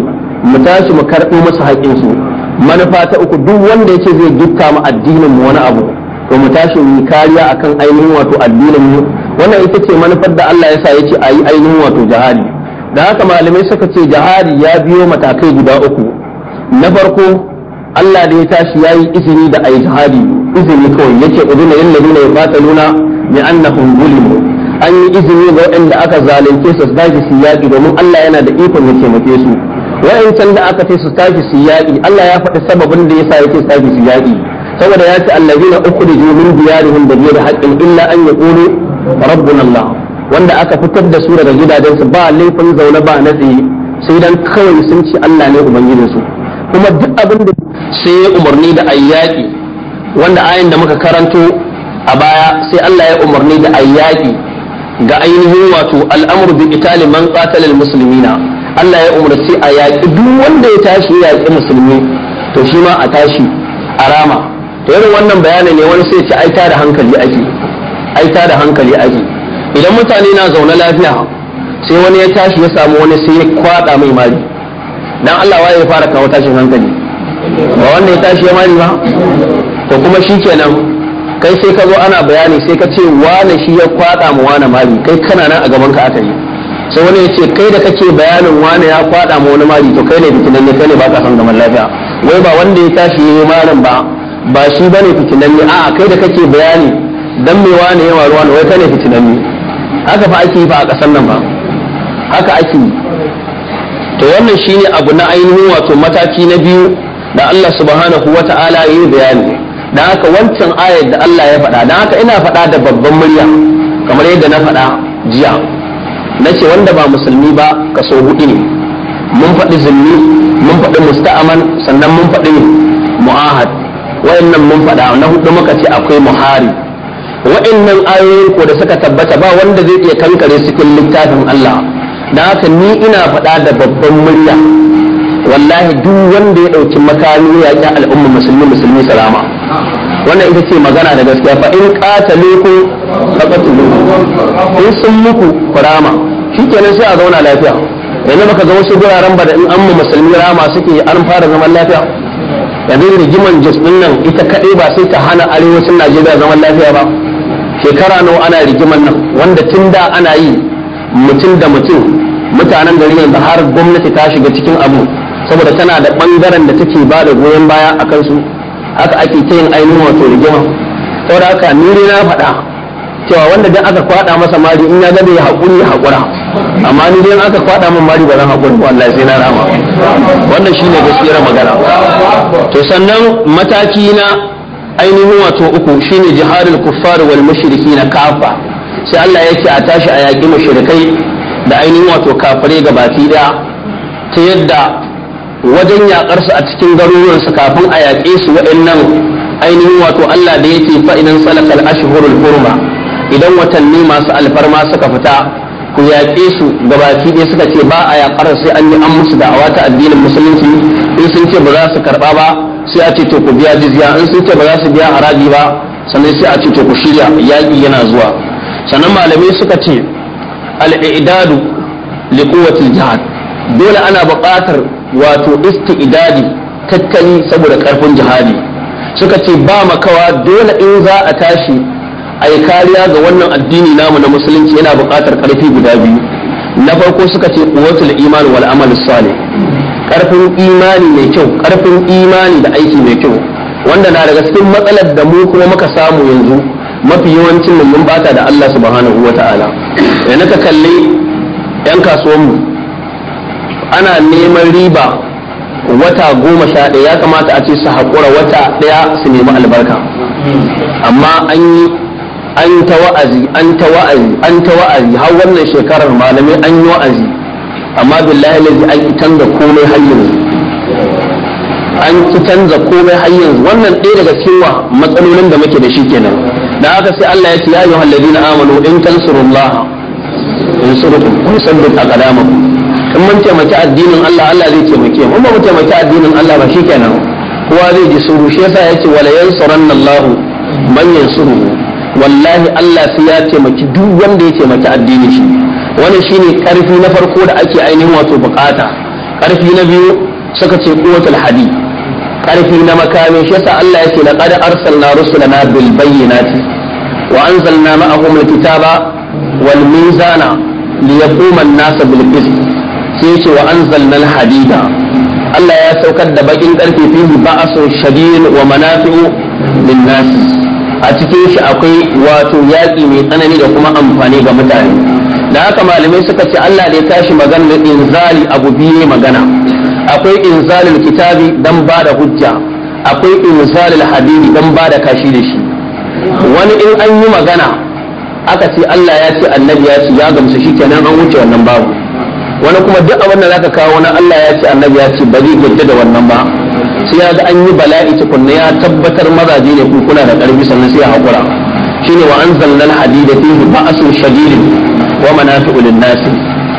mu tashi mu karɓo musu haƙƙinsu manufa ta uku duk wanda yake zai gifta mu addinin mu wani abu to mu tashi mu kariya akan ainihin wato addinin mu wannan ita ce manufar da Allah ya sa yace ayi ainihin wato jihadi da haka malamai suka ce jihadi ya biyo matakai guda uku na farko Allah da ya tashi yayi izini da ayi jihadi izini kawai na yace udina lil ladina yuqataluna mai annahum gulimu an yi izini ga waɗanda aka zalunce su tashi su yaƙi domin Allah yana da ikon ya taimake su wa'ancan da aka ce su tashi su yaƙi Allah ya faɗi sababin da ya yasa yake su tashi su yaƙi saboda ya ce allazina ukhriju min diyarihim da da haƙƙin, illa an yaqulu rabbuna Allah wanda aka fitar da su daga gidajensu ba laifin zaune ba na tsaye sai dan kawai sun ci Allah ne ubangijinsu kuma duk abin da sai ya umarni da ayyaki wanda ayin da muka karanto a baya sai Allah ya umarni da ayyaki ga ainihin wato al'amur bi itali man qatala al-muslimina Allah ya umarci a yaƙi duk wanda ya tashi ya yaƙi musulmi to shi ma a tashi a rama to irin wannan bayani ne wani sai ce aita da hankali ake aita da hankali ake idan mutane na zaune lafiya sai wani ya tashi ya samu wani sai ya kwaɗa mai mari dan Allah waye ya fara kawo tashin hankali ba wanda ya tashi ya mari ba to kuma shikenan kai sai ka zo ana bayani sai ka ce wane shi ya kwada mu wane mali kai kana nan a gaban ka aka yi sai wani ya ce kai da kake bayanin wane ya kwada mu wani mali to kai ne fitinan ne kai ne baka san zaman lafiya wai ba wanda ya tashi yayi malam ba ba shi bane fitinan ne a'a kai da kake bayani dan me wane ya wane wai kai ne fitinan ne haka fa ake yi fa a kasan nan ba haka ake yi to wannan shine abu na ainihin wato mataki na biyu da Allah subhanahu wata'ala ya yi bayani dan haka wancan ayar da Allah ya faɗa dan haka ina faɗa da babban murya kamar yadda na faɗa jiya na ce wanda ba musulmi ba kaso hudu ne mun faɗi zulmi mun faɗi musta'aman sannan mun faɗi mu'ahad wayannan mun faɗa na hudu muka ce akwai muhari wayannan ayoyin ko da suka tabbata ba wanda zai iya kankare cikin littafin Allah dan haka ni ina faɗa da babban murya wallahi duk wanda ya ɗauki makami ya ƙi al'umma musulmi musulmi salama wannan ita ce magana da gaskiya fa in qataluku faqatulu in sun muku kurama shikenan sai a zauna lafiya yanzu baka ga wasu guraren ba da in amma musulmi rama suke an fara zaman lafiya yanzu rigiman jis din nan ita kadai ba sai ta hana arewacin Najeriya zaman lafiya ba shekara nawa ana rigiman nan wanda tun da ana yi mutum da mutum mutanen gari yanzu har gwamnati ta shiga cikin abu saboda tana da bangaren da take ba da goyon baya a kansu haka ake ta yin ainihin wato rigima saboda haka nuri na faɗa cewa wanda dan aka kwada masa mari in ya ga bai haƙuri ya haƙura amma ni dan aka kwaɗa min mari ba zan haƙuri ba wallahi sai na rama wannan shine gaskiyar magana to sannan mataki na ainihin wato uku shine jihadul kuffar wal na kafa sai Allah ya ce a tashi a yaƙi mushrikai da ainihin wato kafirai gabaki ɗaya ta yadda wajen yakar su a cikin garuruwan su kafin a yaƙe su waɗannan ainihin wato Allah da yake fa idan salakal ashhurul hurma idan watanni masu alfarma suka fita ku yaƙe su gabaki ɗaya suka ce ba a yaƙar sai an yi an musu da'awa ta addinin musulunci in sun ce ba za su karɓa ba sai a ce to ku biya jizya in sun ce ba za su biya haraji ba sannan sai a ce to ku shirya yaƙi yana zuwa sannan malamai suka ce al-i'dadu li jihad dole ana buƙatar wato isti'idadi tattali saboda karfin jihadi suka ce ba makawa dole in za a tashi a yi kariya ga wannan addini namu na musulunci yana buƙatar ƙarfi guda biyu na farko suka ce da imani wal amal sale karfin imani mai kyau karfin imani da aiki mai kyau wanda na daga cikin matsalar da mu kuma muka samu yanzu mafi yawancin mun bata da Allah subhanahu ta'ala, yana ka kalli yan kasuwanmu ana neman riba wata goma sha ɗaya ya kamata a ce su haƙura wata ɗaya su nemi albarka amma an yi an ta wa'azi an ta wa'azi an ta wa'azi har wannan shekarar malamai an yi wa'azi amma billahi lazi an canza komai har yanzu an ki komai har yanzu wannan ɗaya daga cikin matsalolin da muke da shi kenan da haka sai Allah ya ce ya ayyuhal na amanu in tansurullah yansurukum wa yusabbit aqdamakum in mun taimaki addinin Allah Allah zai taimake mu mun taimaki addinin Allah ba shikenan kowa zai ji suru shi yasa yace wala yansurannallahu man yansuruhu wallahi Allah sai ya taimaki duk wanda ya taimaki addinin shi wannan shine karfi na farko da ake ainihin wato bukata karfi na biyu suka ce quwwatul hadi karfi na makami shi yasa Allah yake laqad arsalna rusulana bil bayyinati wa anzalna ma'ahum al-kitaba wal mizana li yaquma an-nas bil qist sai ce Allah ya saukar da bakin karfe fihi ba'asun shadid wa manafi'u lin-nas a cikin shi akwai wato yaƙi mai tsanani da kuma amfani ga mutane da haka malamai suka ci Allah da ya tashi magana da inzali a biyu magana akwai inzalin kitabi dan ba da hujja akwai inzalil hadidi dan ba da kashi da shi wani in an yi magana aka ce Allah ya ce annabi ya ce ya gamsu kenan an wuce wannan babu wani kuma duk abin da zaka kawo na Allah ya ce annabi ya ce ba zai yarda da wannan ba sai ya ga an yi bala'i tukunna ya tabbatar mazaje ne ku kuna da karfi sannan sai ya hakura shine wa anzalna al-hadida fihi ba'sun shadidin wa manafi'u lin-nasi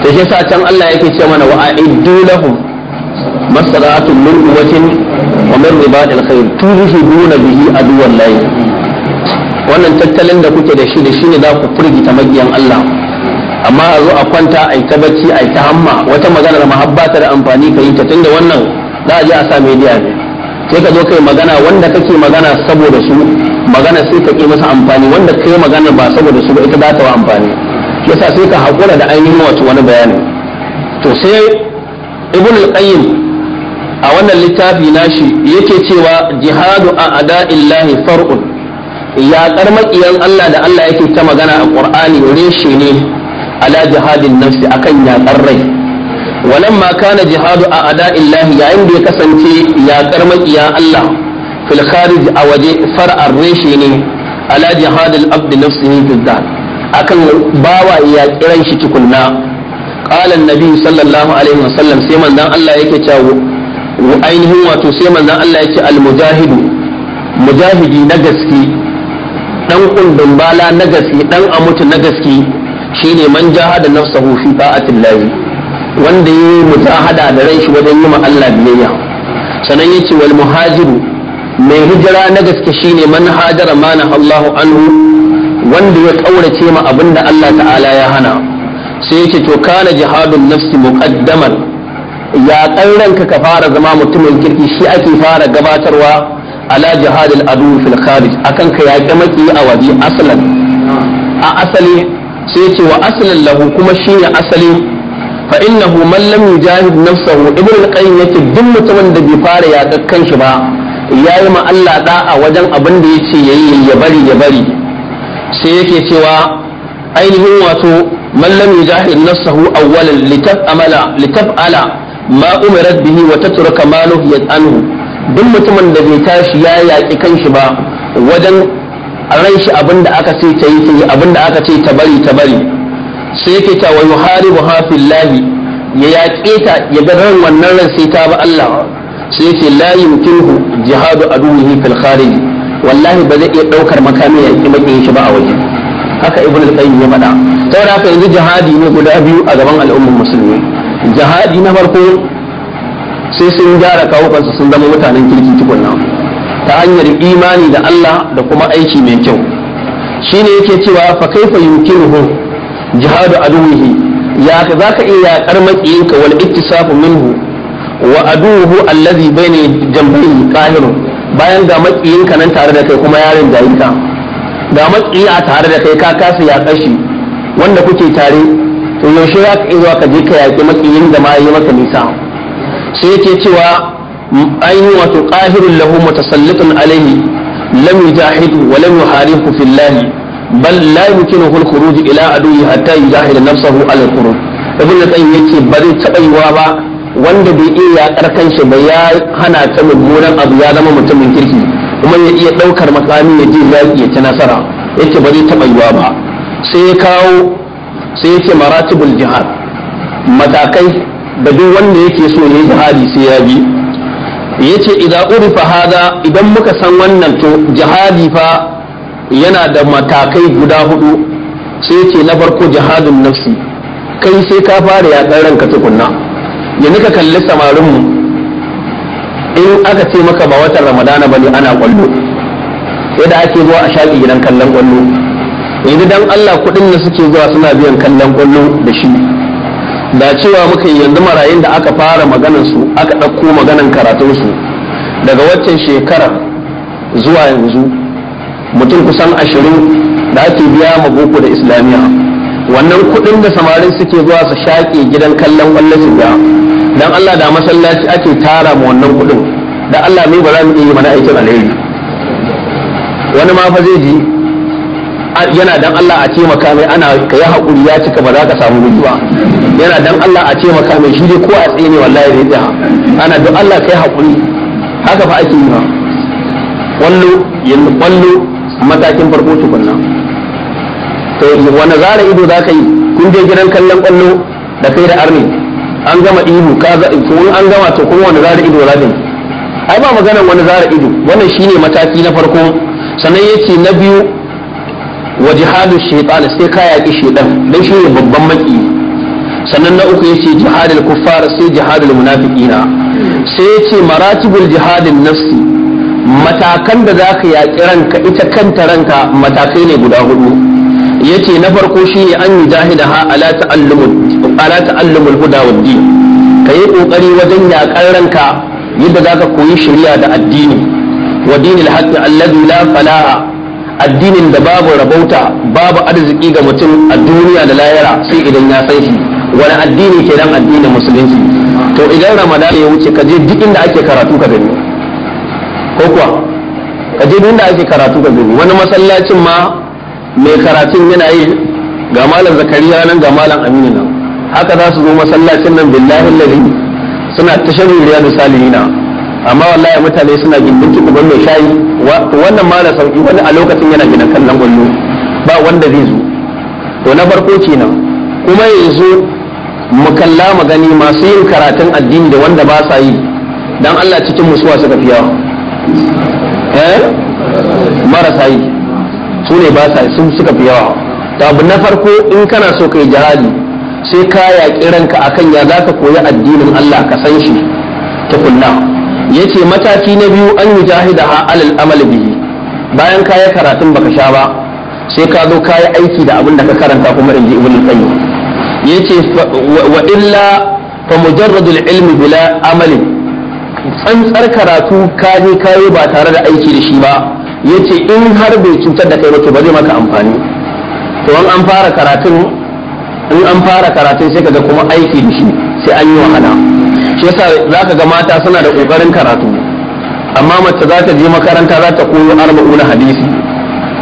to shi yasa can Allah yake ce mana wa a'iddu lahum masra'atun min quwwatin wa min ribatil khayr turhibuna bihi aduwallahi wannan tattalin da kuke da shi da shi ne za ku firgita magiyan Allah amma a zo a kwanta a yi ta bacci a yi ta hamma wata maganar mahabbata da amfani ka yi ta tunda wannan za a je a sa mediya ne sai ka zo kai magana wanda kake magana saboda su magana sai ka ki masa amfani wanda kai magana ba saboda su ba ita za ta wa amfani yasa sai ka haƙura da ainihin wato wani bayani to sai ibn al-qayyim a wannan littafi nashi yake cewa jihadu a ada'illahi far'un yaƙar maƙiyan Allah da Allah yake ta magana a Ƙur'ani reshe ne ala jihadin nafsi akan yaƙar rai walan ma kana jihadu a ada illahi yayin da ya kasance yaƙar maƙiya Allah fil kharij a waje far'ar reshe ne ala jihadil abd nafsihi fil akan bawa ya kiran shi tukunna qala annabi sallallahu alaihi wasallam sai manzon Allah yake cewa ainihin wato sai manzon Allah yake al mujahidu mujahidi na gaske dan kundin bala na gaske dan a mutu na gaske shine man jahada nafsahu fi ta'atillahi wanda yi mujahada da ranshi shi wajen yi ma Allah biyayya sanan yace wal muhajiru mai hijira na gaske shine man hajara mana Allahu anhu wanda ya kaurace ma abinda Allah ta'ala ya hana sai yace to kana jihadun nafsi muqaddaman ya kan ranka ka fara zama mutumin kirki shi ake fara gabatarwa ala jihadil adu fil kharij akan ka yaƙi maki a waje asalan a asali sai ce wa asalan lahu kuma shine asali fa innahu man lam yujahid nafsahu ibnu al-qayyim yace duk mutumin da bai fara yaƙar kanshi ba yayi ma Allah a wajen abin da yace yayi ya bari ya bari sai yake cewa ainihin wato man lam yujahid nafsahu awwalan litaf'ala litaf'ala ma umirat bihi wa tatruka ma nuhiyat anhu duk mutumin da bai tashi ya yaƙi kanshi ba wajen ran shi abin da aka ce ta yi ta abin da aka ce ta bari ta bari sai yake ta wa yuharibu lahi ya yaƙe ta ya ga ran wannan ran sai ta ba Allah sai yake la yumkinu jihadu aduhi fil kharij wallahi ba zai iya ɗaukar makami ya ki shi ba a waje haka ibn al-qayyim ya faɗa saboda haka yanzu jihadi ne guda biyu a gaban al'ummar musulmi jihadi na farko sai sun gyara kawukansu sun zama mutanen kirki tukunna ta hanyar imani da Allah da kuma aiki mai kyau Shi shine yake cewa fa kaifa yumkinuhu jihadu aduwihi ya ka zaka iya yakar makiyinka wal ittisafu minhu wa aduhu allazi bayna jambayhi qahirun bayan ga makiyinka nan tare da kai kuma yarin Da ga a tare da kai ka kasa yakar shi wanda kuke tare to yaushe za ka iya ka je ka yaƙi makiyin da ma yi maka nisa sai yake cewa ainihin wato ƙahirun lahu mutasalliqun alaihi lam yujahidu wa lam yuharibu fillahi bal la yumkinuhu al-khuruj ila aduwwi hatta yujahida nafsahu ala al-khuruj ibn al-qayyim yace ba zai taba yiwa ba wanda bai iya yakar kanshi ba ya hana ta mummunan abu ya zama mutumin kirki kuma ya iya daukar makami ya je zaki ya ta nasara yake ba zai taba yiwa ba sai ya kawo sai yace maratibul jihad matakai da duk wanda yake so ya yi jihadi sai ya bi yace idan fa hada idan muka san wannan to jihadi fa yana da matakai guda hudu sai yace na farko jihadin nafsi kai sai ka fara yaƙar ranka tukunna ya ka kalli samarin mu in aka ce maka ba watan ramadana bane ana kwallo yadda ake zuwa a shaƙi gidan kallon kwallo yanzu dan Allah kuɗin da suke zuwa suna biyan kallon kwallo da shi da cewa muka yi yanzu marayun da aka fara maganar su aka ɗauko maganan karatun su daga waccan shekarar zuwa yanzu mutum kusan ashirin da ake biya ma boko da islamiyya wannan kuɗin da samarin suke zuwa su shaƙe gidan kallon ƙwallon su biya dan Allah da masallaci ake tara ma wannan kuɗin da Allah mai ba za mu iya yi mana aikin alheri wani ma fa zai ji yana dan Allah a taimaka mai ana ka yi haƙuri ya cika ba za ka samu miji ba yana dan Allah a taimaka mai shi dai ko a tsaye ne wallahi zai tsaya ana don Allah ka yi haƙuri haka fa ake yi ma kwallo yanzu kwallo matakin farko tukunna to wani zara ido za ka yi kun je gidan kallon kwallo da kai da arni an gama ihu ka kun an gama to kun wani zara ido za ka yi ai ba maganar wani zara ido wannan shine mataki na farko sannan yace na biyu Wa وجهاد الشيطان sai ka yaki shedan dan shi ne babban maki sannan na uku yace jihadul kuffar sai jihadul munafiqina sai yace maratibul jihadin nafsi matakan da zaka yaki ranka ita kanta ranka matakai ne guda hudu yace na farko shine an yi jahidaha ala ta'allumul ala ta'allumul huda wad din kayi kokari wajen yaƙar ranka yadda zaka koyi shari'a da addini wa dinil haqqi alladhi la falaha addinin da babu rabauta babu arziki ga mutum a duniya da lahira sai idan ya san shi wani addini ke nan addinin musulunci to idan ramadan ya wuce ka je duk inda ake karatu ka gani ko kuwa ka je duk inda ake karatu ka gani wani masallacin ma mai karatun yana yi ga malam zakariya nan ga malam aminu nan haka za su zo masallacin nan billahi lalini suna ta shan da salihina amma wallahi mutane suna gindin ki uban mai shayi wannan ma da sauki wani a lokacin yana gidan kallon gwallo ba wanda zai zo to na farko kenan kuma yanzu mu kalla mu gani masu yin karatun addini da wanda ba sa yi dan Allah cikin musuwa suka fi yawa eh marasa yi su ne ba sa yi sun suka fi yawa to abu na farko in kana so kai jihadi sai ka yaƙi ranka akan ya za ka koyi addinin Allah ka san shi tukunna yace mataki na biyu an a alal amal bihi bayan ka yi karatun baka sha ba sai ka zo ka yi aiki da abin da ka karanta kuma in ji ibn qayyim yace wa illa fa al ilmi bila amalin tsantsar karatu ka je yi ba tare da aiki da shi ba yace in har bai cutar da kai ba to ba zai maka amfani to an an fara karatun in an fara karatun sai ga kuma aiki da shi sai an yi wahala shi yasa ka ga mata suna da kokarin karatu amma mace za ta je makaranta za ta koyo arba'un hadisi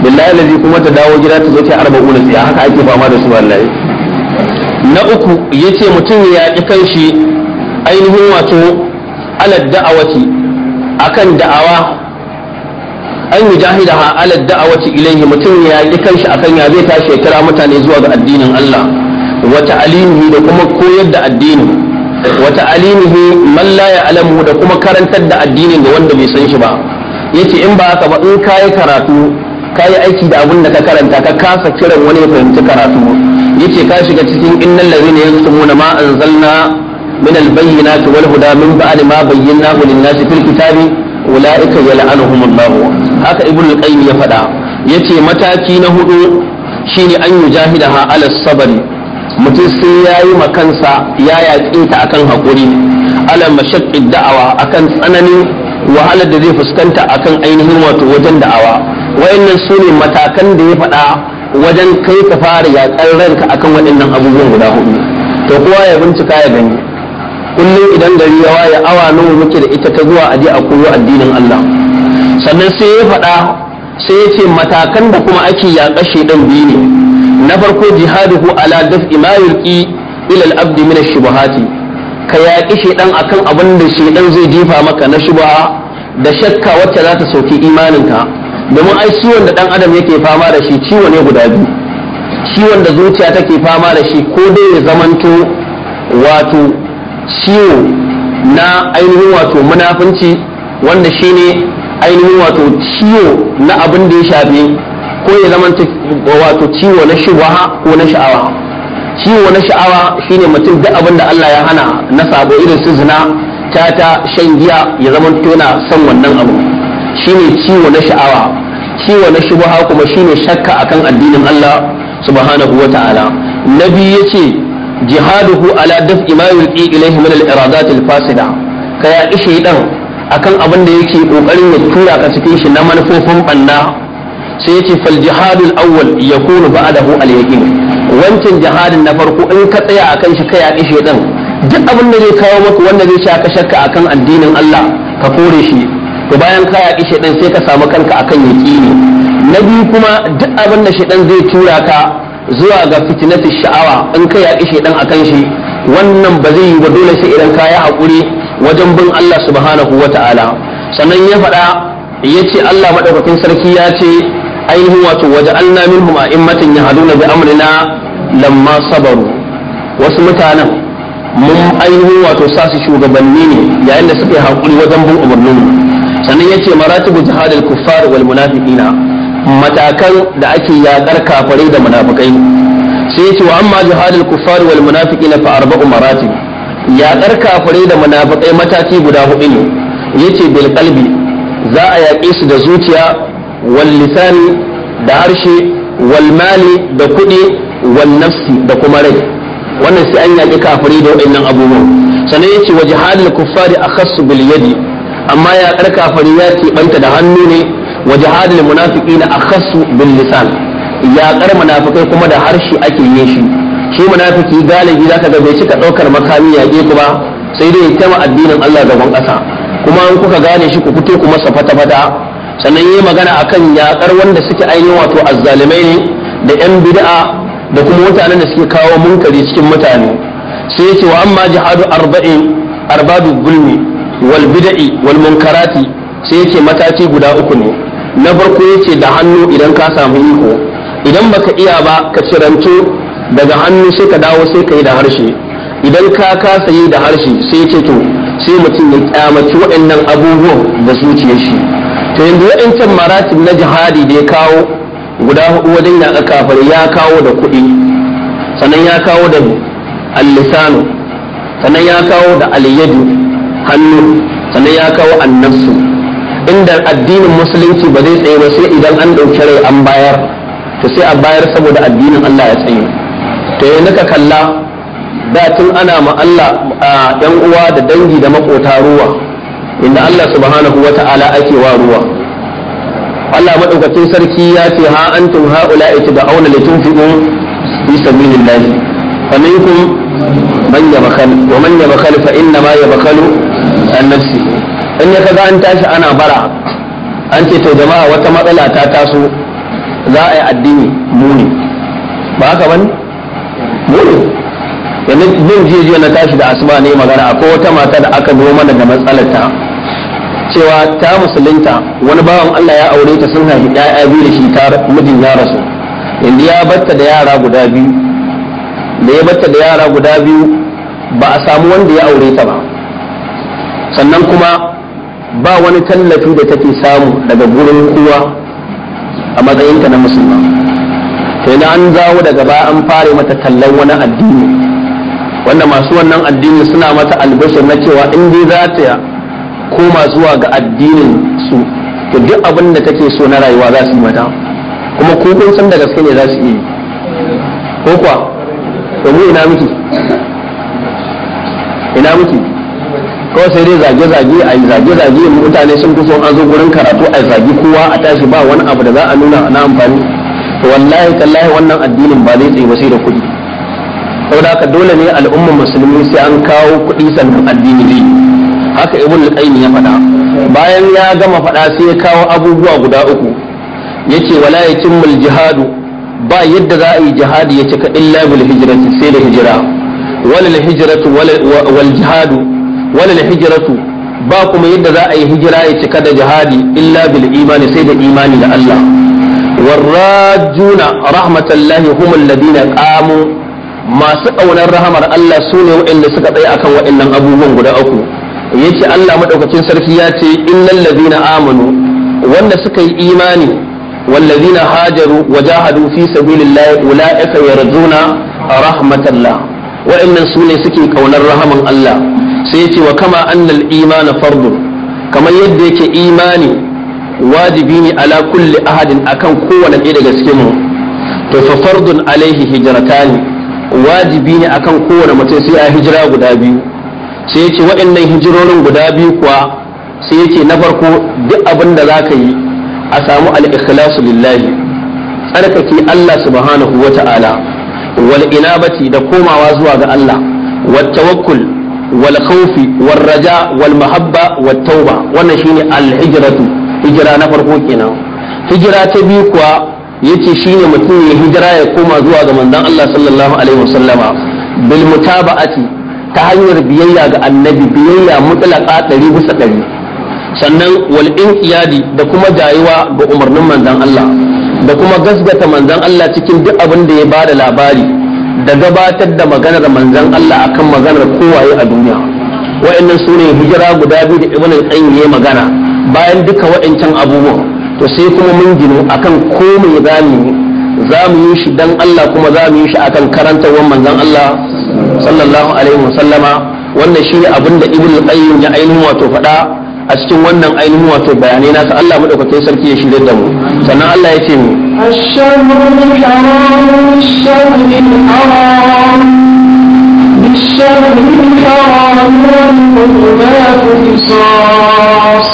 billahi lazi kuma ta dawo gida ta zo ta arba'un sai haka ake fama da su wallahi na uku yace mutum ya ki kanshi ainihin wato alad da'awati akan da'awa an yi jahida ha alad da'awati ilaihi mutum ya ki kanshi akan ya zai tashi ya kira mutane zuwa ga addinin Allah wata alimi da kuma koyar da addini wa ta'alimihi man la ya'lamu da kuma karantar da addinin da wanda bai san shi ba yace in ba haka ba in kai karatu kai aiki da abin da ka karanta ka kasa kiran wani ya fahimci karatu yace ka shiga cikin innal ladhina yaktumuna ma anzalna min al wal huda min ba'd ma bayyanahu lin-nasi fil kitabi ulaika yal'anuhumullahu haka ibn al-qayyim ya faɗa yace mataki na hudu shine an yujahidaha ala sabri mutum sai ya yi makansa ya yaƙinta ta akan haƙuri ala mashaƙin da'awa akan tsananin wahalar da zai fuskanta akan ainihin wato wajen da'awa wayannan su ne matakan da ya faɗa wajen kai ka fara yaƙar ranka akan waɗannan abubuwan guda hudu to kowa ya bincika ya gani kullum idan gari ya waye awa nawa muke da ita ta zuwa aje a koyo addinin Allah sannan sai ya faɗa sai ya ce matakan da kuma ake yaƙashe ɗan biyu ne na farko jihaduhu ala daf'i ma yulqi ila al-abd min ash-shubuhati ka yaƙi shedan akan abin da shedan zai jefa maka na shubha da shakka wacce za ta sauke imaninka domin ai ciwon da dan adam yake fama da shi ciwo ne guda biyu ciwon da zuciya take fama da shi ko dai ya zamanto wato ciwo na ainihin wato munafunci wanda shine ainihin wato ciwo na abin da ya shafi ko ya zama wato ciwo na shubaha ko na sha'awa ciwo na sha'awa shine mutum duk abin da Allah ya hana na sabo irin su zina tata shan giya ya zama tona son wannan abu shine ciwo na sha'awa ciwo na shubaha kuma shine shakka akan addinin Allah subhanahu wa ta'ala nabi yace jihaduhu ala daf'i ma yulqi ilayhi min al-iradat al-fasida kaya ishe dan akan abin da yake kokarin ya tura ka cikin shi na manufofin banna sai yace fal jihadul awwal yakunu ba'dahu al yaqin wancan jihadin na farko in ka tsaya akan shi kai yaki shedan duk abin da zai kawo maka wanda zai sha ka shakka akan addinin Allah ka kore shi to bayan ka yaki shedan sai ka samu kanka akan yaqini na biyu kuma duk abin da shedan zai tura ka zuwa ga fitinati sha'awa in ka yaki shedan akan shi wannan ba zai yi ba dole sai idan ka yi haƙuri wajen bin Allah subhanahu wa ta'ala sannan ya faɗa ya ce Allah maɗaukakin sarki ya ce ainihin wato a minhum a'immatan yahduna bi amrina lamma sabaru wasu mutanen mun ainihin wato sa su shugabanni ne yayin da suka yi hakuri wajen bin umarnin sannan yace maratibu jihadil kuffar wal munafiqina matakan da ake yakar kafirai da munafikai sai yace wa amma jihadil kuffar wal munafiqina fa arba'u maratib yakar kafirai da munafikai mataki guda hudu ne yace bil qalbi za a yaƙe su da zuciya wal lisani da harshe wal mali da kuɗi wal nafsi da kuma rai wannan sai an yaƙi kafari da waɗannan abubuwan sannan ya ce waje halin kuffari a khassu bil yadi amma yaƙar kafari ya keɓanta da hannu ne waje halin munafiki na a khassu bil lisan yaƙar munafikai kuma da harshe ake yin shi shi munafiki galibi zaka ga bai cika ɗaukar makami yaƙe ku ba sai dai ya tama addinin Allah gaban ƙasa kuma in kuka gane shi ku fito ku masa fata-fata sannan yi magana a kan yaƙar wanda suke ainihin wato azzalimai ne da yan bida'a da kuma mutanen da suke kawo munkari cikin mutane sai ce wa amma jihadu arba'in arbadu gulmi wal bid'i wal munkarati sai ce mataki guda uku ne na farko yace da hannu idan ka samu iko idan baka iya ba ka ciranto daga hannu sai ka dawo sai ka yi da harshe idan ka kasa yi da harshe sai ce to sai mutum ya kyamaci waɗannan abubuwan da zuciyar shi to yanzu waɗancan maratib na jihadi da ya kawo guda hudu wajen yaƙa kafar ya kawo da kuɗi sannan ya kawo da al-lisanu sannan ya kawo da al hannu sannan ya kawo annafsu inda addinin musulunci ba zai tsaye ba sai idan an ɗauki rai an bayar to sai a bayar saboda addinin Allah ya tsaye to yanzu ka kalla da ana ma Allah yan uwa da dangi da makota ruwa inda Allah subhanahu wa ta'ala ake wa ruwa Allah maɗaukacin sarki ya ce ha antum auna tad'una litunfiqu fi sabilillah faminkum man yabkhal wa man yabkhal fa inna ma yabkhalu an nafsi in ya kaga an tashi ana bara an ce to jama'a wata matsala ta taso za a yi addini muni ba haka bane muni yanzu je je na tashi da asma ne magana akwai wata mata da aka noma daga matsalarta cewa ta musulunta wani bawan Allah ya aure ta sun haifi ɗaya biyu da shi ta mijin ya rasu yanzu ya batta da yara guda biyu da ya batta da yara guda biyu ba a samu wanda ya aure ta ba sannan kuma ba wani tallafi da take samu daga gurin kowa a matsayinta na musulma Sai na an zawo daga baya an fara mata tallan wani addini wanda masu wannan addini suna mata albashir na cewa in dai za ta koma zuwa ga addinin su to duk abin da take so na rayuwa za su yi mata kuma ko kun san da gaske ne za su yi ko kuwa to mu ina miki ina miki kawai sai dai zage-zage a yi zage-zage mutane sun fi son an zo gurin karatu a zagi kowa a tashi ba wani abu da za a nuna na amfani to wallahi tallahi wannan addinin ba zai tsaye ba sai da kuɗi saboda dole ne al'ummar musulmi sai an kawo kuɗi sannan addini haka ibn al-qayyim ya faɗa bayan ya gama faɗa sai ya kawo abubuwa guda uku yace wala yatimmu al-jihadu ba yadda za a yi jihadi ya cika illa bil hijrati sai da hijira wala al-hijratu wal jihadu wala al-hijratu ba kuma yadda za a yi hijira ya cika da jihadi illa bil imani sai da imani da Allah والراجون رحمة الله هم الذين قاموا masu ƙaunar rahamar Allah sune ne waɗanda suka tsaye akan waɗannan abubuwan guda uku yace Allah maɗaukacin sarki ya ce innal na amanu wanda suka yi imani wal ladina hajaru wajahadu fi sabilillahi ulaika yarzuna rahmatallah waɗannan sune ne suke ƙaunar rahaman Allah sai yace wa kama annal iman fardu kamar yadda yake imani wajibi ne ala kulli ahadin akan kowane ɗaya daga cikin mu to fa fardun alaihi hijratani wajibi ne akan kowane mutum sai a hijira guda biyu sai yace waɗannan hijirorin guda biyu kuwa sai yace na farko duk abin da za ka yi a samu al-ikhlasu lillahi tsarkake Allah subhanahu wa ta'ala wal inabati da komawa zuwa ga Allah wat tawakkul wal khawfi wal raja wal mahabba wat tauba wannan shine al hijratu hijira na farko kenan hijira ta biyu kuwa yace shine mutum ya hijira ya koma zuwa ga manzon Allah sallallahu alaihi wasallama bil mutaba'ati ta hanyar biyayya ga annabi biyayya mutlaqa ɗari bisa ɗari sannan wal inqiyadi da kuma jayuwa ga umarnin manzon Allah da kuma gasgata manzon Allah cikin duk abin da ya bada labari da gabatar da maganar manzon Allah akan maganar kowaye a duniya wa'annan sune hijira guda biyu da ibn qayyim magana bayan duka wa'ancan abubuwan to sai kuma mun ginu akan komai za mu yi za mu yi shi dan Allah kuma za mu yi shi akan karantarwar manzon Allah sallallahu alaihi wasallama wannan shi ne abin da ibnu qayyim ya ainihin wato faɗa a cikin wannan ainihin wato bayanai na sa Allah madaukakin sarki ya shirye da mu sannan Allah ya ce mu الشهر الحرام والحرمات قصاص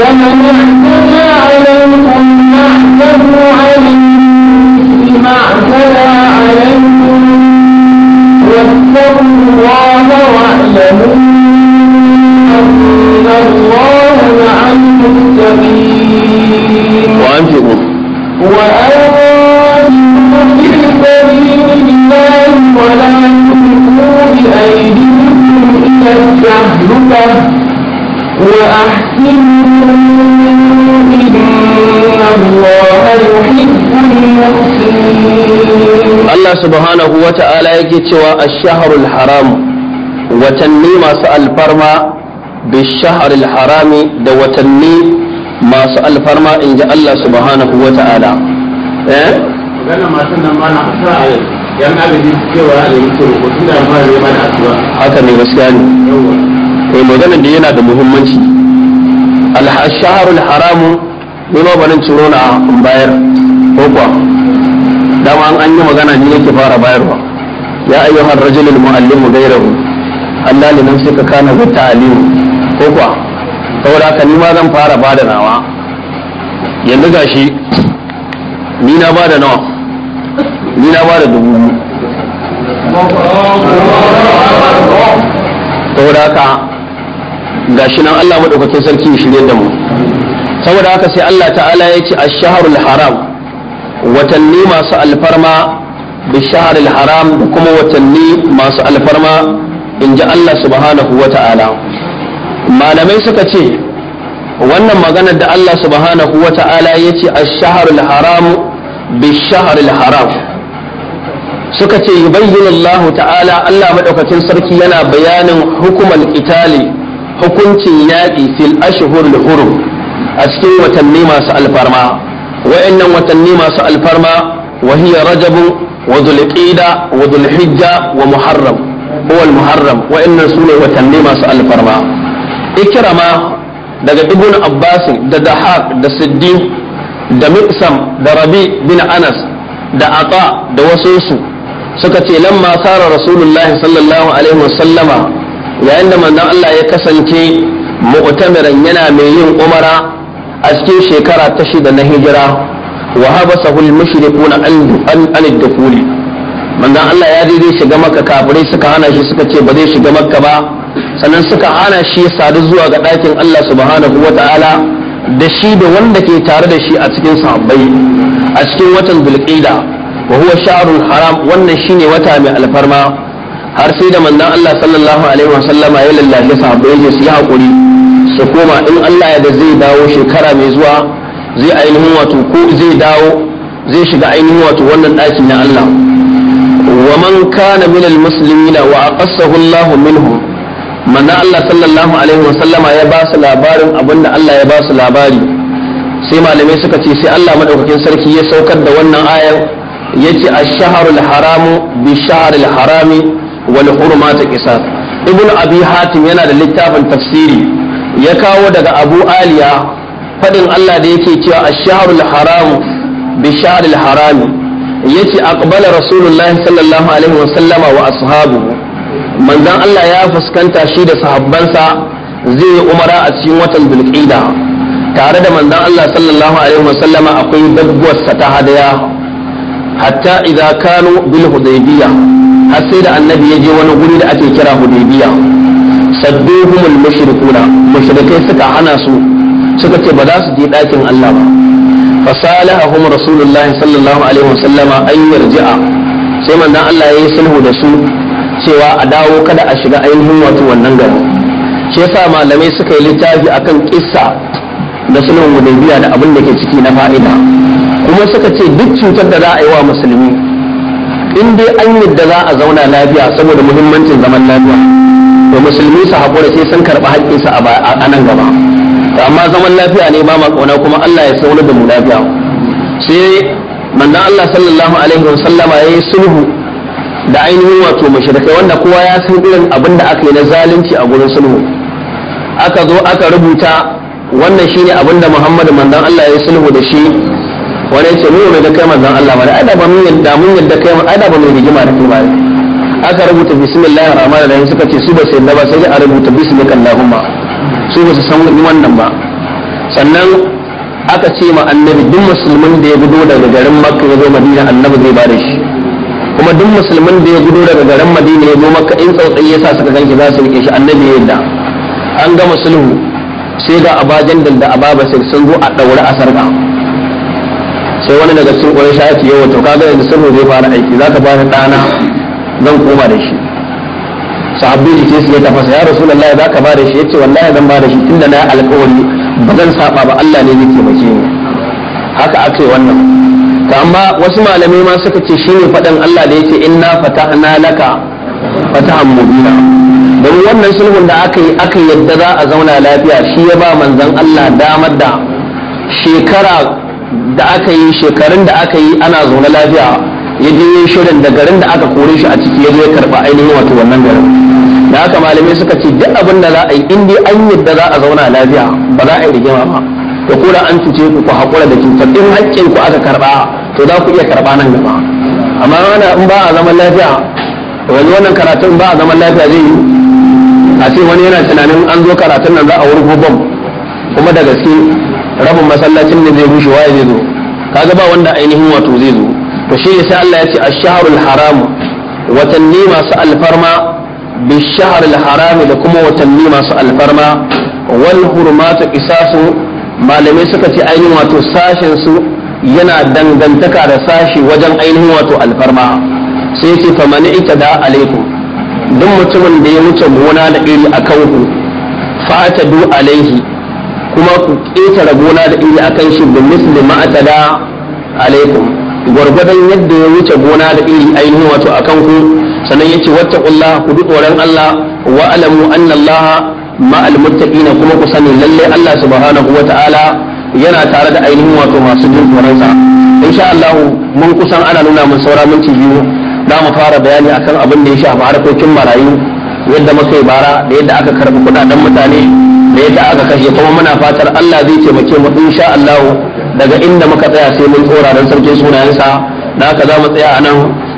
كما اعتدى عليكم نعتد عليه ما اعتدى yake cewa ash-shahrul haram watanni masu alfarma bishahril harami da watanni masu alfarma in ji Allah subhanahu wa ta'ala eh? magana masu nan ma na asa yan agaji cewa da yake ko tunda ma ne ma da asuwa haka ne gaskiya ne eh magana da yana da muhimmanci al-shahrul haramu ne ma banin ciro na bayar ko kuwa dama an yi magana ne yake fara bayarwa ya ayyuhar rajulul muallimu gairahu Allah ne nan suka kana ga ta'alimu ko kuwa saboda haka ni ma zan fara bada nawa yanzu gashi ni na bada saboda haka gashi nan Allah madaukakin sarki shirye da mu saboda haka sai Allah ta'ala ya ce ash-shahrul haram watanni masu alfarma bishar haram da kuma watanni masu alfarma in ji Allah subhanahu wa ta'ala malamai suka ce wannan maganar da Allah subhanahu wa ta'ala ya ce a shaharul haram bishaharul haram suka ce yubayyin Allah ta'ala Allah maɗaukakin sarki yana bayanin hukumar itali hukuncin yaƙi fil ashhurul hurum a cikin watanni masu alfarma wa'annan watanni masu alfarma wa hiya rajabun وذو القيدة وذو muharram ومحرم هو المحرم وإن سنة masu سأل فرما إكرما daga ibnu Abbas da dahab da Siddiq da misam da Rabi bin Anas da Ata da wasunsu suka ce lamma sara Rasulullahi sallallahu alaihi wasallama yayin da manzon Allah ya kasance mu'tamiran yana mai yin umara a cikin shekara ta shida na hijira wa habasahu al-mushrikuna an al-dukhul manzon Allah ya dai shiga maka kafirai suka hana shi suka ce ba zai shiga makka ba sannan suka hana shi sadu zuwa ga ɗakin Allah subhanahu Ta'ala? da shi da wanda ke tare da shi a cikin sahabbai a cikin watan dulqida wa huwa sha'rul haram wannan shine wata mai alfarma har sai da manzon Allah sallallahu alaihi wa sallama ya lallace sahabbai su yi hakuri su koma in Allah ya da zai dawo shekara mai zuwa zai ainihin wato ko zai dawo zai shiga ainihin wato wannan ɗakin na Allah wa man kana min almuslimin wa aqassahu Allah minhum manna Allah sallallahu alaihi wa sallama ya ba su labarin abinda Allah ya ba su labari sai malamai suka ce sai Allah madaukakin sarki ya saukar da wannan ayar yace ash-shahrul haramu bi shahril harami wal hurumatu qisas ibnu abi hatim yana da littafin tafsiri ya kawo daga abu aliya Faɗin Allah da yake cewa a shahrul harami bi shahril haram yace aqbala rasulullahi sallallahu alaihi wa sallama wa ashabu manzon Allah ya fuskanta shi da sahabbansa zai yi umara a cikin watan dulqida tare da manzon Allah sallallahu alaihi wa sallama akwai dabbuwarsa ta hadaya hatta idza kanu bil hudaybiya har sai da annabi ya je wani guri da ake kira hudaybiya sadduhumul mushrikuna mushrikai suka hana su suka ce ba za su je ɗakin Allah ba fasalahum rasulullah sallallahu alaihi wasallama an yarji'a sai manzon Allah ya yi sulhu da su cewa a dawo kada a shiga ainihin wato wannan garin shi yasa malamai suka yi littafi akan kissa da sulhun hudaybiya da abin da ke ciki na fa'ida kuma suka ce duk cutar da za a yi wa musulmi in dai an yadda za a zauna lafiya saboda muhimmancin zaman lafiya to musulmi su haƙura sai sun karɓi haƙƙinsa a nan gaba amma zaman lafiya ne ba ma kauna kuma Allah ya sauna da mu lafiya sai manzon Allah sallallahu alaihi wa sallama yayi sulhu da ainihin wato mushrikai wanda kowa ya san irin abin da aka yi na zalunci a gurin sulhu aka zo aka rubuta wannan shine abin da Muhammadu manzon Allah ya sulhu da shi wani ce mu da kai manzon Allah ba ai da ba mun yadda mun yadda kai ai da ba mun rigima da kai ba aka rubuta bismillahir rahmanir rahim suka ce su ba sai da ba sai a rubuta bismillahir allahumma su ba su san wannan ba sannan aka ce ma annabi duk musulmin da ya gudo daga garin makka ya zo madina annabi zai ba shi kuma duk musulmin da ya gudo daga garin madina ya zo makka in tsautsayi ya sa suka ganki za su rike shi annabi ya yadda an gama sulhu sai ga abajan da ababa sai sun zo a daure a sarka sai wani daga cikin ƙwarai shafi yau to kaga yanzu sulhu zai fara aiki zaka ba ni ɗana zan koma da shi sahabbai jike su ya tafasa ya lallai za ka ba da shi ya ce, wallahi zan ba da shi tunda na alƙawari ba zan saba ba Allah ne yake bace ni haka ake wannan to amma wasu malamai ma suka ce shine fadan Allah da yace inna fatahna laka fatahan mubina don wannan sulhun da aka yi aka yadda za a zauna lafiya shi ya ba manzan Allah damar da shekara da aka yi shekarun da aka yi ana zaune lafiya ya je shirin da garin da aka kore shi a ciki ya zo ya karba ainihin wato wannan garin da haka malamai suka ce duk abin da za a yi in dai an yadda za a zauna lafiya ba za a yi rigima ba to ko da an cuce ku ku haƙura da cutar in haƙƙin ku aka karɓa to za ku iya karɓa nan gaba amma wani in ba a zaman lafiya wani wannan karatun ba a zaman lafiya zai yi a ce wani yana tunanin an zo karatun nan za a wurgo bom kuma da gaske rabin masallacin ne zai bushe waye zai zo kaga ba wanda ainihin wato zai zo to shi ne sai Allah ya ce ash-shahrul haram watanni masu alfarma bishahar harami da kuma watanni masu alfarma wal hurmatu isasu malamai suka ci ainihin wato sashen su yana dangantaka da sashi wajen ainihin wato alfarma sai ce mani ita da alaikum duk mutumin da ya wuce gona da iri a kanku fa du alaihi kuma ku ƙetare gona da iri a kan shi da gwargwadon yadda ya wuce gona da iri ainihin wato a kanku sannan yace wattaqullah ku bi tsoron Allah wa alamu anna Allah kuma ku sani lalle Allah subhanahu wata'ala yana tare da ainihin wato masu jin tsoron sa insha Allah mun kusan ana nuna mun saura minti biyu za mu fara bayani akan abin da ya shafi harkokin marayu yadda muka yi bara da yadda aka karbi kudaden mutane da yadda aka kashe kuma muna fatar Allah zai taimake mu insha Allah daga inda muka tsaya sai mun tsora don sarkin sunayensa da haka za mu tsaya a nan